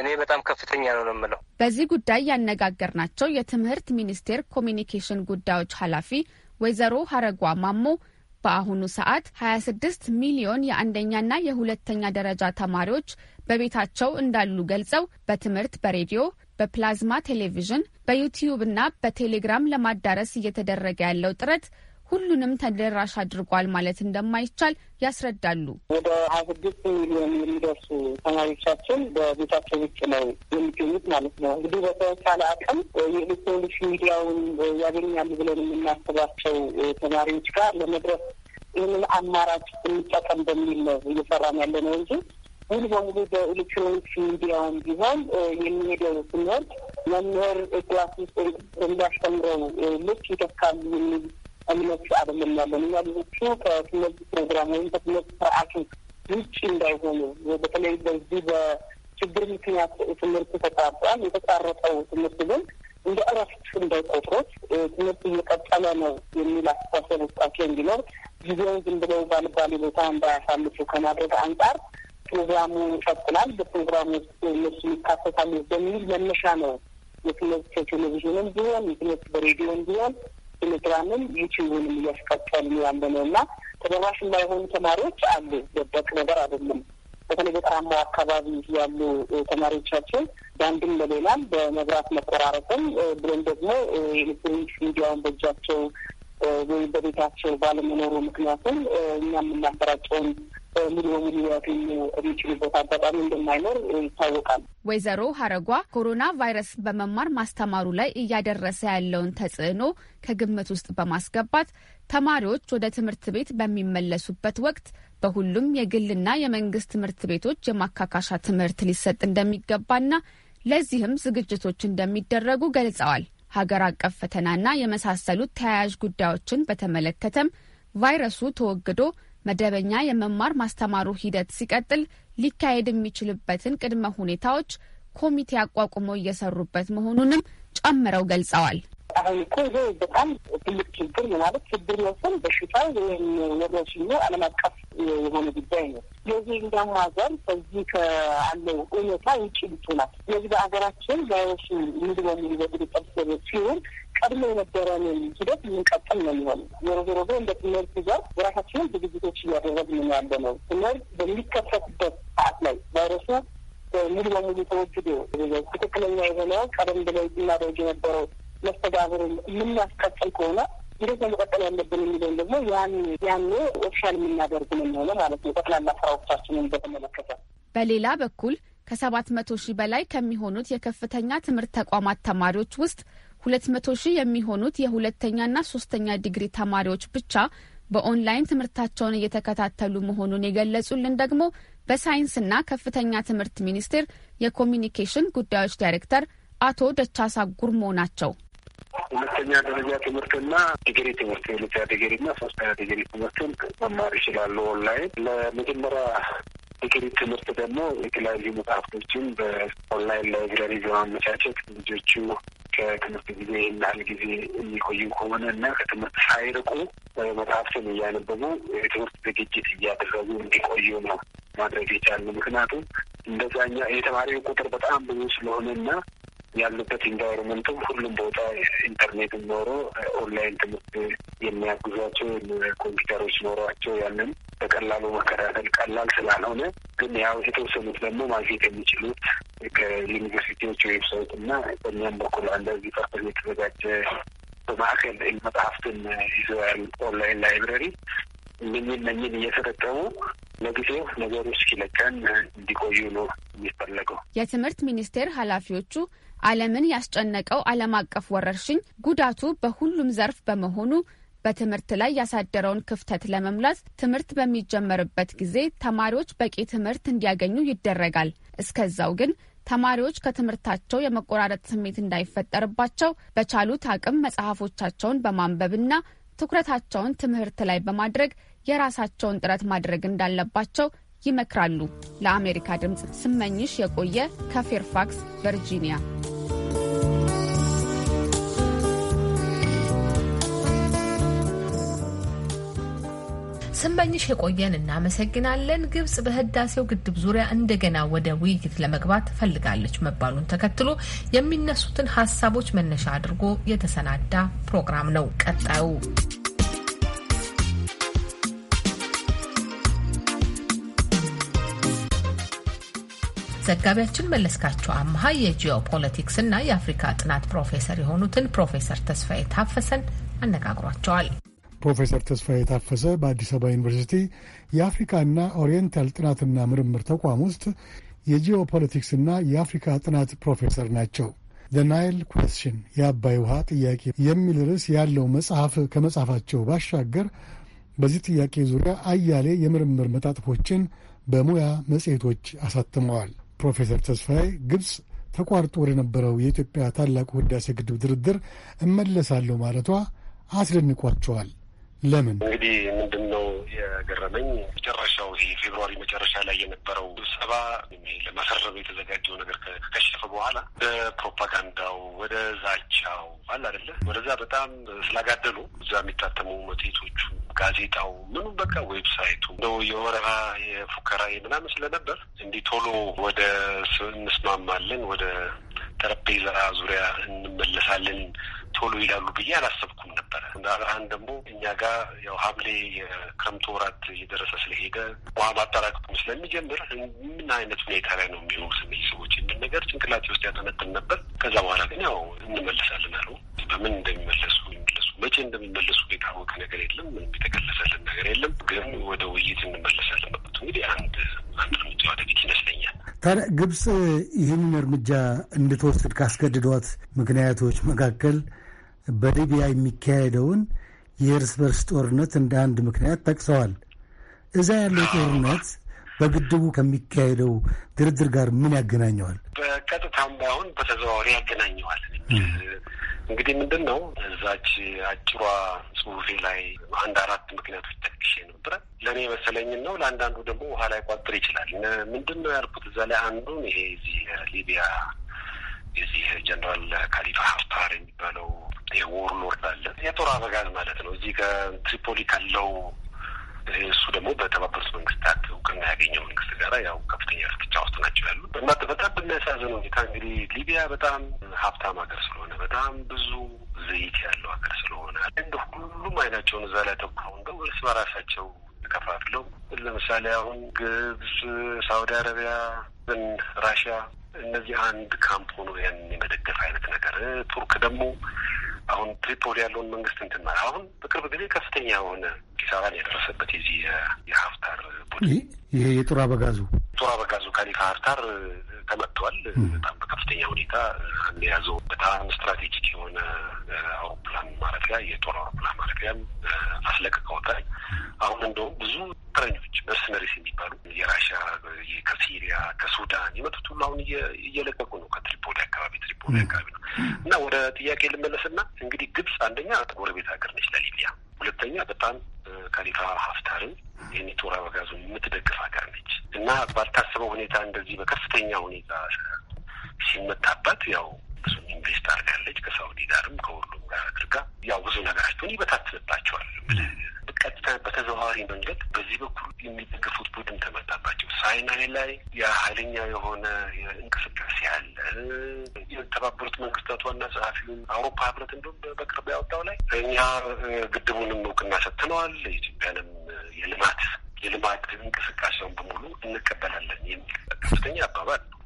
Speaker 16: እኔ በጣም ከፍተኛ ነው ነው የምለው።
Speaker 17: በዚህ ጉዳይ ያነጋገርናቸው የትምህርት ሚኒስቴር ኮሚኒኬሽን ጉዳዮች ኃላፊ ወይዘሮ ሀረጓ ማሞ በአሁኑ ሰዓት 26 ሚሊዮን የአንደኛና የሁለተኛ ደረጃ ተማሪዎች በቤታቸው እንዳሉ ገልጸው በትምህርት በሬዲዮ፣ በፕላዝማ ቴሌቪዥን፣ እና በቴሌግራም ለማዳረስ እየተደረገ ያለው ጥረት ሁሉንም ተደራሽ አድርጓል ማለት እንደማይቻል ያስረዳሉ።
Speaker 12: ወደ ሀያ ስድስት ሚሊዮን የሚደርሱ ተማሪዎቻችን በቤታቸው ውጭ ነው የሚገኙት ማለት ነው። እንግዲህ በተቻለ አቅም የኤሌክትሮኒክስ ሚዲያውን ያገኛሉ ብለን የምናስባቸው ተማሪዎች ጋር ለመድረስ ይህንን አማራጭ እንጠቀም በሚል ነው እየሰራን ያለ ነው እንጂ ሙሉ በሙሉ በኤሌክትሮኒክስ ሚዲያውን ቢሆን የሚሄደው ትምህርት መምህር ክላስ ውስጥ እንዳስተምረው ልክ ይደካሉ የሚል እምነት አደለም ያለን እኛ ልጆቹ ከትምህርት ፕሮግራም ወይም ከትምህርት ስርዓቱ ውጭ እንዳይሆኑ በተለይ በዚህ በችግር ምክንያት ትምህርት ተቋርጧል። የተቋረጠው ትምህርት ግን እንደ እረፍት እንዳይቆጥሮት ትምህርት እየቀጠለ ነው የሚል አስተሳሰብ ውስጣቸው እንዲኖር ጊዜውን ዝም ብለው ባልባሌ ቦታ እንዳያሳልፉ ከማድረግ አንጻር ፕሮግራሙ ይቀጥላል፣ በፕሮግራሙ ውስጥ እነሱ ይካተታሉ በሚል መነሻ ነው የትምህርት ቴሌቪዥንም ቢሆን የትምህርት በሬዲዮም ቢሆን ቴሌግራምም ዩቲዩብንም እያስቀጠል ያለ ነው እና ተደራሽ የማይሆኑ ተማሪዎች አሉ። ደበቅ ነገር አይደለም። በተለይ በጠራማው አካባቢ ያሉ ተማሪዎቻችን በአንድም ለሌላም በመብራት መቆራረጥም ብሎም ደግሞ ኤሌክትሮኒክስ ሚዲያውን በእጃቸው ወይም በቤታቸው ባለመኖሩ ምክንያቱም እኛ የምናሰራጨውን ሙሉ በሙሉ ሊያገኙ የሚችሉበት አጋጣሚ እንደማይኖር ይታወቃል።
Speaker 17: ወይዘሮ ሀረጓ ኮሮና ቫይረስ በመማር ማስተማሩ ላይ እያደረሰ ያለውን ተጽዕኖ ከግምት ውስጥ በማስገባት ተማሪዎች ወደ ትምህርት ቤት በሚመለሱበት ወቅት በሁሉም የግልና የመንግስት ትምህርት ቤቶች የማካካሻ ትምህርት ሊሰጥ እንደሚገባና ለዚህም ዝግጅቶች እንደሚደረጉ ገልጸዋል። ሀገር አቀፍ ፈተናና የመሳሰሉት ተያያዥ ጉዳዮችን በተመለከተም ቫይረሱ ተወግዶ መደበኛ የመማር ማስተማሩ ሂደት ሲቀጥል ሊካሄድ የሚችልበትን ቅድመ ሁኔታዎች ኮሚቴ አቋቁሞ እየሰሩበት መሆኑንም ጨምረው ገልጸዋል።
Speaker 12: አሁን እኮ ይሄ በጣም ትልቅ ችግር ነው ማለት ችግር መሰል በሽታ ወይም ወረርሽኙ ዓለም አቀፍ የሆነ ጉዳይ ነው። የዚህኛው ሀገር ከዚህ ከአለው እውነታ ውጭ ልትሆናል። ስለዚህ በሀገራችን ቫይረሱ ምንድን ነው የሚበግድ ሲሆን ቀድሞ የነበረንን ሂደት የምንቀጥል ነው የሚሆን። ዞሮ ዞሮ ግን እንደ ትምህርት ጋር የራሳችንን ዝግጅቶች እያደረግን ነው ያለ ነው። ትምህርት በሚከፈትበት ሰዓት ላይ ቫይረሱ ሙሉ በሙሉ ተወግዶ ትክክለኛ የሆነ ቀደም ብለው እናደርግ የነበረው መስተጋብሩን የምናስቀጥል ከሆነ እንዴት ነው መቀጠል ያለብን የሚለውን ደግሞ ያን ያኔ ኦፊሻል የምናደርግ የምንሆነ ማለት ነው። ጠቅላላ ስራዎቻችንን በተመለከተ
Speaker 17: በሌላ በኩል ከሰባት መቶ ሺህ በላይ ከሚሆኑት የከፍተኛ ትምህርት ተቋማት ተማሪዎች ውስጥ ሁለት መቶ ሺህ የሚሆኑት የሁለተኛና ሶስተኛ ዲግሪ ተማሪዎች ብቻ በኦንላይን ትምህርታቸውን እየተከታተሉ መሆኑን የገለጹልን ደግሞ በሳይንስና ከፍተኛ ትምህርት ሚኒስቴር የኮሚኒኬሽን ጉዳዮች ዳይሬክተር አቶ ደቻሳ ጉርሞ ናቸው።
Speaker 4: ሁለተኛ ደረጃ ትምህርትና ዲግሪ ትምህርት የሁለተኛ ዲግሪና ሶስተኛ ዲግሪ ትምህርትን መማር ይችላሉ ኦንላይን። ለመጀመሪያ ዲግሪ ትምህርት ደግሞ የተለያዩ መጽሐፍቶችን በኦንላይን ላይብረሪ በማመቻቸት ልጆቹ ከትምህርት ጊዜ ይናል ጊዜ የሚቆዩ ከሆነ እና ከትምህርት ሳይርቁ መጽሐፍትን እያነበቡ የትምህርት ዝግጅት እያደረጉ እንዲቆዩ ነው ማድረግ የቻሉ። ምክንያቱም እንደዛኛ የተማሪው ቁጥር በጣም ብዙ ስለሆነ እና ያሉበት ኢንቫይሮመንቱም ሁሉም ቦታ ኢንተርኔት ኖሮ ኦንላይን ትምህርት የሚያግዟቸው ኮምፒውተሮች ኖሯቸው ያንን በቀላሉ መከታተል ቀላል ስላልሆነ ግን ያው የተወሰኑት ደግሞ ማግኘት የሚችሉት ከዩኒቨርሲቲዎች ዌብሳይት እና በእኛም በኩል አንደዚህ ጠፍል የተዘጋጀ በማዕከል መጽሐፍትን ይዞ ያሉ ኦንላይን ላይብረሪ እነኝን ነኝን እየተጠቀሙ ለጊዜው ነገሮች እስኪለቀን እንዲቆዩ ነው የሚፈለገው።
Speaker 17: የትምህርት ሚኒስቴር ኃላፊዎቹ ዓለምን ያስጨነቀው ዓለም አቀፍ ወረርሽኝ ጉዳቱ በሁሉም ዘርፍ በመሆኑ በትምህርት ላይ ያሳደረውን ክፍተት ለመሙላት ትምህርት በሚጀመርበት ጊዜ ተማሪዎች በቂ ትምህርት እንዲያገኙ ይደረጋል። እስከዛው ግን ተማሪዎች ከትምህርታቸው የመቆራረጥ ስሜት እንዳይፈጠርባቸው በቻሉት አቅም መጽሐፎቻቸውን በማንበብና ትኩረታቸውን ትምህርት ላይ በማድረግ የራሳቸውን ጥረት ማድረግ እንዳለባቸው ይመክራሉ። ለአሜሪካ ድምፅ ስመኝሽ የቆየ ከፌርፋክስ ቨርጂኒያ ስመኝሽ
Speaker 1: የቆየን እናመሰግናለን። ግብጽ በህዳሴው ግድብ ዙሪያ እንደገና ወደ ውይይት ለመግባት ትፈልጋለች መባሉን ተከትሎ የሚነሱትን ሀሳቦች መነሻ አድርጎ የተሰናዳ ፕሮግራም ነው ቀጣዩ። ዘጋቢያችን መለስካቸው አምሀ የጂኦ ፖለቲክስ እና የአፍሪካ ጥናት ፕሮፌሰር የሆኑትን ፕሮፌሰር ተስፋዬ ታፈሰን አነጋግሯቸዋል።
Speaker 18: ፕሮፌሰር ተስፋዬ ታፈሰ በአዲስ አበባ ዩኒቨርሲቲ የአፍሪካና ኦሪየንታል ጥናትና ምርምር ተቋም ውስጥ የጂኦ ፖለቲክስና የአፍሪካ ጥናት ፕሮፌሰር ናቸው። ዘ ናይል ኩዌስችን የአባይ ውሃ ጥያቄ የሚል ርዕስ ያለው መጽሐፍ ከመጽሐፋቸው ባሻገር በዚህ ጥያቄ ዙሪያ አያሌ የምርምር መጣጥፎችን በሙያ መጽሔቶች አሳትመዋል። ፕሮፌሰር ተስፋዬ ግብፅ ተቋርጦ ወደ ነበረው የኢትዮጵያ ታላቁ ህዳሴ ግድብ ድርድር እመለሳለሁ ማለቷ አስደንቋቸዋል። ለምን
Speaker 6: እንግዲህ ምንድን ነው የገረመኝ
Speaker 4: መጨረሻው ይሄ ፌብርዋሪ መጨረሻ ላይ የነበረው ስብሰባ ለማሰረብ የተዘጋጀው ነገር ከከሸፈ በኋላ ወደ ፕሮፓጋንዳው ወደ ዛቻው አለ አደለ ወደዛ በጣም ስላጋደሉ እዛ የሚታተሙ መጽሄቶቹ ጋዜጣው፣ ምኑ በቃ ዌብሳይቱ እንደው የወረራ የፉከራ ምናምን ስለነበር እንዲህ ቶሎ ወደ እንስማማለን ወደ ጠረጴዛ ዙሪያ እንመለሳለን ቶሎ ይላሉ ብዬ አላሰብኩም ነበረ። እንደ አብርሃን ደግሞ እኛ ጋር ያው ሐምሌ የክረምቱ ወራት እየደረሰ ስለሄደ ውሃ ማጠራቀም ስለሚጀምር ምን አይነት ሁኔታ ላይ ነው የሚሆኑ ስሜ ሰዎች የሚል ነገር ጭንቅላቴ ውስጥ ያጠነጥን ነበር። ከዛ በኋላ ግን ያው እንመለሳለን አሉ። በምን እንደሚመለሱ የሚመለሱ መቼ እንደሚመለሱ የታወቀ ነገር የለም። ምንም የተገለጸልን ነገር የለም። ግን ወደ
Speaker 6: ውይይት እንመለሳለን መበት እንግዲህ አንድ አንድ እርምጃ ወደፊት ይመስለኛል።
Speaker 19: ታዲያ ግብፅ ይህንን እርምጃ እንድትወስድ ካስገድዷት ምክንያቶች መካከል በሊቢያ የሚካሄደውን የእርስ በርስ ጦርነት እንደ አንድ ምክንያት ጠቅሰዋል። እዛ ያለው ጦርነት በግድቡ ከሚካሄደው ድርድር ጋር ምን ያገናኘዋል?
Speaker 4: በቀጥታም ባይሆን በተዘዋዋሪ ያገናኘዋል። እንግዲህ ምንድን ነው እዛች አጭሯ ጽሁፌ ላይ አንድ አራት ምክንያቶች ጠቅሼ ነበረ። ለእኔ የመሰለኝን ነው፣ ለአንዳንዱ ደግሞ ውሃ ላይ ቋጥር ይችላል። ምንድን ነው ያልኩት እዛ ላይ አንዱን ይሄ እዚህ ሊቢያ የዚህ ጀነራል ካሊፋ ሀፍታር የሚባለው የወሩ እንወርዳለን። የጦር አበጋዝ ማለት ነው። እዚህ ከትሪፖሊ ካለው እሱ ደግሞ በተባበሩት መንግስታት እውቅና ያገኘው መንግስት ጋራ ያው ከፍተኛ ፍጥጫ ውስጥ ናቸው ያሉ። በጣም በሚያሳዝን ሁኔታ እንግዲህ ሊቢያ በጣም ሀብታም ሀገር ስለሆነ በጣም ብዙ ዘይት ያለው ሀገር ስለሆነ እንደ ሁሉም አይናቸውን እዛ ላይ ተኩረው እንደው እርስ በራሳቸው ተከፋፍለው ለምሳሌ አሁን ግብጽ፣ ሳውዲ አረቢያ፣ ራሽያ እነዚህ አንድ ካምፕ ሆኖ ያንን የመደገፍ አይነት ነገር ቱርክ ደግሞ አሁን ትሪፖሊ ያለውን መንግስት እንትን አሁን በቅርብ ጊዜ ከፍተኛ የሆነ ኪሳራ የደረሰበት የዚህ የሀፍታር
Speaker 19: ቡድን ይሄ የጦር አበጋዙ
Speaker 4: ጦር አበጋዙ ካሊፋ ሀፍታር ተመጥቷል።
Speaker 19: በጣም በከፍተኛ ሁኔታ የያዘው በጣም ስትራቴጂክ የሆነ
Speaker 4: አውሮፕላን ማረፊያ የጦር አውሮፕላን ማረፊያም አስለቅቀውታል። አሁን እንደውም ብዙ ጥረኞች መርሰነሪስ የሚባሉ የራሽያ ከሲሪያ፣ ከሱዳን የመጡት ሁሉ አሁን እየለቀቁ ነው። ከትሪፖሊ
Speaker 5: አካባቢ ትሪፖሊ አካባቢ ነው
Speaker 4: እና ወደ ጥያቄ ልመለስና እንግዲህ ግብጽ አንደኛ ጎረቤት ሀገር ነች ለሊቢያ ሁለተኛ በጣም ካሊፋ ሀፍታርን ይህን የጦር የምትደግፍ ሀገር ነች እና ባልታሰበው ሁኔታ እንደዚህ በከፍተኛ ሁኔታ ሲመጣባት ያው ብዙ ኢንቨስት አድርጋለች ከሳውዲ ጋርም ከሁሉም ጋር አድርጋ ያው ብዙ ነገራቸውን ይበታትንባቸዋል። በቀጥታ በተዘዋዋሪ መንገድ በዚህ በኩል የሚደግፉት ቡድን ተመጣባቸው። ሳይናይ ላይ የሀይለኛ የሆነ እንቅስቃሴ አለ። የተባበሩት መንግስታት ዋና ጸሐፊውን አውሮፓ ህብረት እንዲሁም በቅርብ ያወጣው ላይ እኛ ግድቡንም እውቅና ሰጥተነዋል። የኢትዮጵያንም የልማት የልማት እንቅስቃሴውን በሙሉ እንቀበላለን የሚል ከፍተኛ አባባል ነው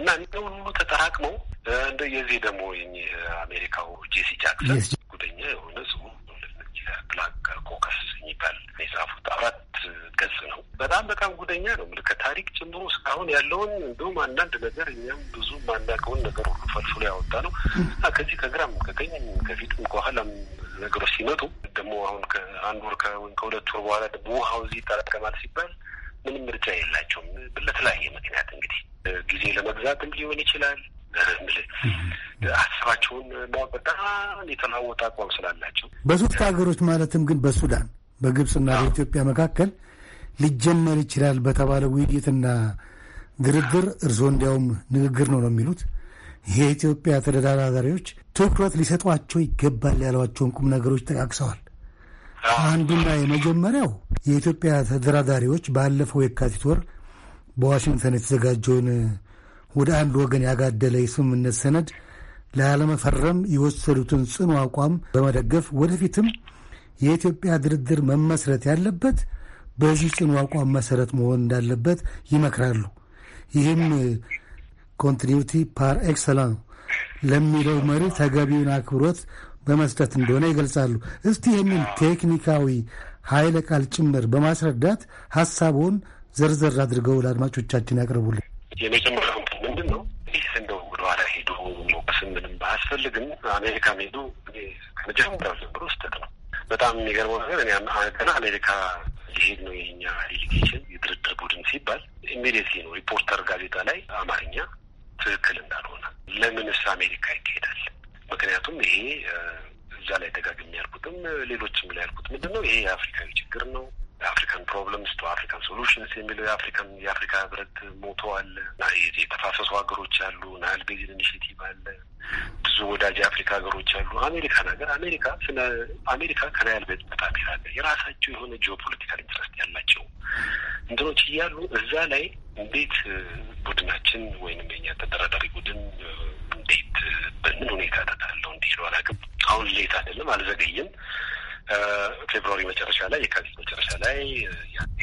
Speaker 4: እና እንደ ሁሉ ተጠራቅመው እንደ የዚህ ደግሞ አሜሪካው ጄሲ ጃክሰን ጉደኛ የሆነ ጽሁፍ ብላክ ኮከስ የሚባል የጻፉት አራት ገጽ ነው። በጣም በጣም ጉደኛ ነው። ታሪክ ጀምሮ እስካሁን ያለውን እንዲሁም አንዳንድ ነገር እኛም ብዙ ማናቀውን ነገር ሁሉ ፈልፍሎ ያወጣ ነው እና ከዚህ ከግራም ከቀኝም ከፊትም ከኋላም ነገሮች ሲመጡ ደግሞ አሁን ከአንድ ወር ከሁለት ወር በኋላ ደግሞ ውሃው እዚህ ይጠራቀማል ሲባል ምንም ምርጫ የላቸውም። ለተለያየ ምክንያት እንግዲህ ጊዜ ለመግዛትም ሊሆን ይችላል ማወቅ በጣም የተለዋወጠ አቋም ስላላቸው
Speaker 19: በሶስት ሀገሮች ማለትም ግን በሱዳን፣ በግብፅና በኢትዮጵያ መካከል ሊጀመር ይችላል በተባለ ውይይትና ድርድር እርስዎ እንዲያውም ንግግር ነው ነው የሚሉት የኢትዮጵያ ተደራዳሪዎች ትኩረት ሊሰጧቸው ይገባል ያሏቸውን ቁም ነገሮች ጠቃቅሰዋል። አንዱና የመጀመሪያው የኢትዮጵያ ተደራዳሪዎች ባለፈው የካቲት ወር በዋሽንግተን የተዘጋጀውን ወደ አንድ ወገን ያጋደለ የስምምነት ሰነድ ላለመፈረም የወሰዱትን ጽኑ አቋም በመደገፍ ወደፊትም የኢትዮጵያ ድርድር መመስረት ያለበት በዚህ ጽኑ አቋም መሰረት መሆን እንዳለበት ይመክራሉ። ይህም ኮንቲኒዩቲ ፓር ኤክሰላንስ ለሚለው መሪ ተገቢውን አክብሮት በመስጠት እንደሆነ ይገልጻሉ። እስቲ ይህንን ቴክኒካዊ ኃይለ ቃል ጭምር በማስረዳት ሀሳቡን ዘርዘር አድርገው ለአድማጮቻችን ያቅርቡልን።
Speaker 6: የመጀመሪያው ምንድን ነው?
Speaker 4: ይህ እንደው ወደኋላ ሄዶ መወቀስ ምንም አያስፈልግም። አሜሪካ ሄዱ ከመጀመሪያው ጀምሮ ስህተት ነው። በጣም የሚገርመው ነገር እኔ አንተና አሜሪካ ሊሄድ ነው የኛ ዴሊጌሽን የድርድር ቡድን ሲባል ኢሚዲየትሊ ነው ሪፖርተር ጋዜጣ ላይ አማርኛ ትክክል እንዳልሆነ ለምንስ አሜሪካ ይካሄዳል? ምክንያቱም ይሄ እዛ ላይ ደጋግሜ ያልኩትም ሌሎችም ላይ ያልኩት ምንድን ነው ይሄ የአፍሪካዊ ችግር ነው አፍሪካን ፕሮብለምስ ቱ አፍሪካን ሶሉሽንስ የሚለው የአፍሪካን የአፍሪካ ህብረት ሞቶ አለ እና የተፋሰሱ ሀገሮች አሉ። ናይል ቤዝን ኢኒሽቲቭ አለ። ብዙ ወዳጅ የአፍሪካ ሀገሮች አሉ። አሜሪካን ሀገር አሜሪካ ስለ አሜሪካ ከናይል ቤት በጣም ይላለ የራሳቸው የሆነ ጂኦ ፖለቲካል ኢንትረስት ያላቸው እንትኖች እያሉ እዛ ላይ እንዴት ቡድናችን ወይንም የኛ ተደራዳሪ ቡድን እንዴት በምን ሁኔታ ተታለው እንዲሄዱ አላውቅም። አሁን ሌት አይደለም አልዘገየም። ፌብሩዋሪ መጨረሻ ላይ የካቲት መጨረሻ ላይ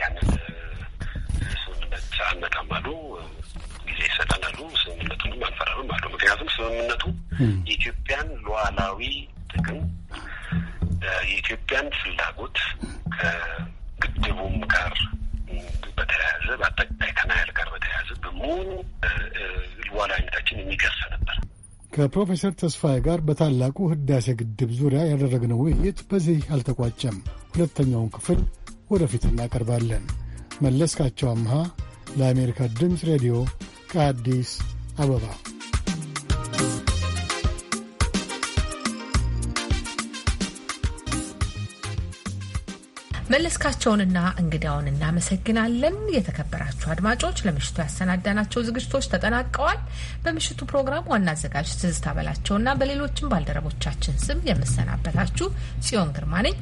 Speaker 4: ያንን ስምምነት አልመጣም አሉ። ጊዜ ይሰጠናሉ። ስምምነቱንም አንፈራርም አሉ። ምክንያቱም ስምምነቱ hmm. የኢትዮጵያን ሉዓላዊ ጥቅም የኢትዮጵያን ፍላጎት ከግድቡም ጋር በተያያዘ በአጠቃላይ ከናይል ጋር በተያያዘ በሙሉ ሉዓላዊነታችን የሚገርስ ነበር።
Speaker 18: ከፕሮፌሰር ተስፋዬ ጋር በታላቁ ህዳሴ ግድብ ዙሪያ ያደረግነው ውይይት በዚህ አልተቋጨም። ሁለተኛውን ክፍል ወደፊት እናቀርባለን። መለስካቸው አምሃ ለአሜሪካ ድምፅ ሬዲዮ ከአዲስ አበባ
Speaker 1: መለስካቸውንና እንግዳውን እናመሰግናለን። የተከበራችሁ አድማጮች ለምሽቱ ያሰናዳናቸው ዝግጅቶች ተጠናቀዋል። በምሽቱ ፕሮግራም ዋና አዘጋጅ ትዝታ በላቸውና በሌሎችም ባልደረቦቻችን ስም የምሰናበታችሁ ጽዮን ግርማ ነኝ።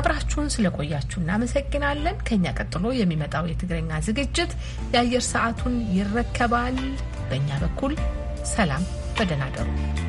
Speaker 1: አብራችሁን ስለቆያችሁ እናመሰግናለን። ከኛ ቀጥሎ የሚመጣው የትግረኛ ዝግጅት የአየር ሰዓቱን ይረከባል። በእኛ በኩል ሰላም፣ በደህና እደሩ።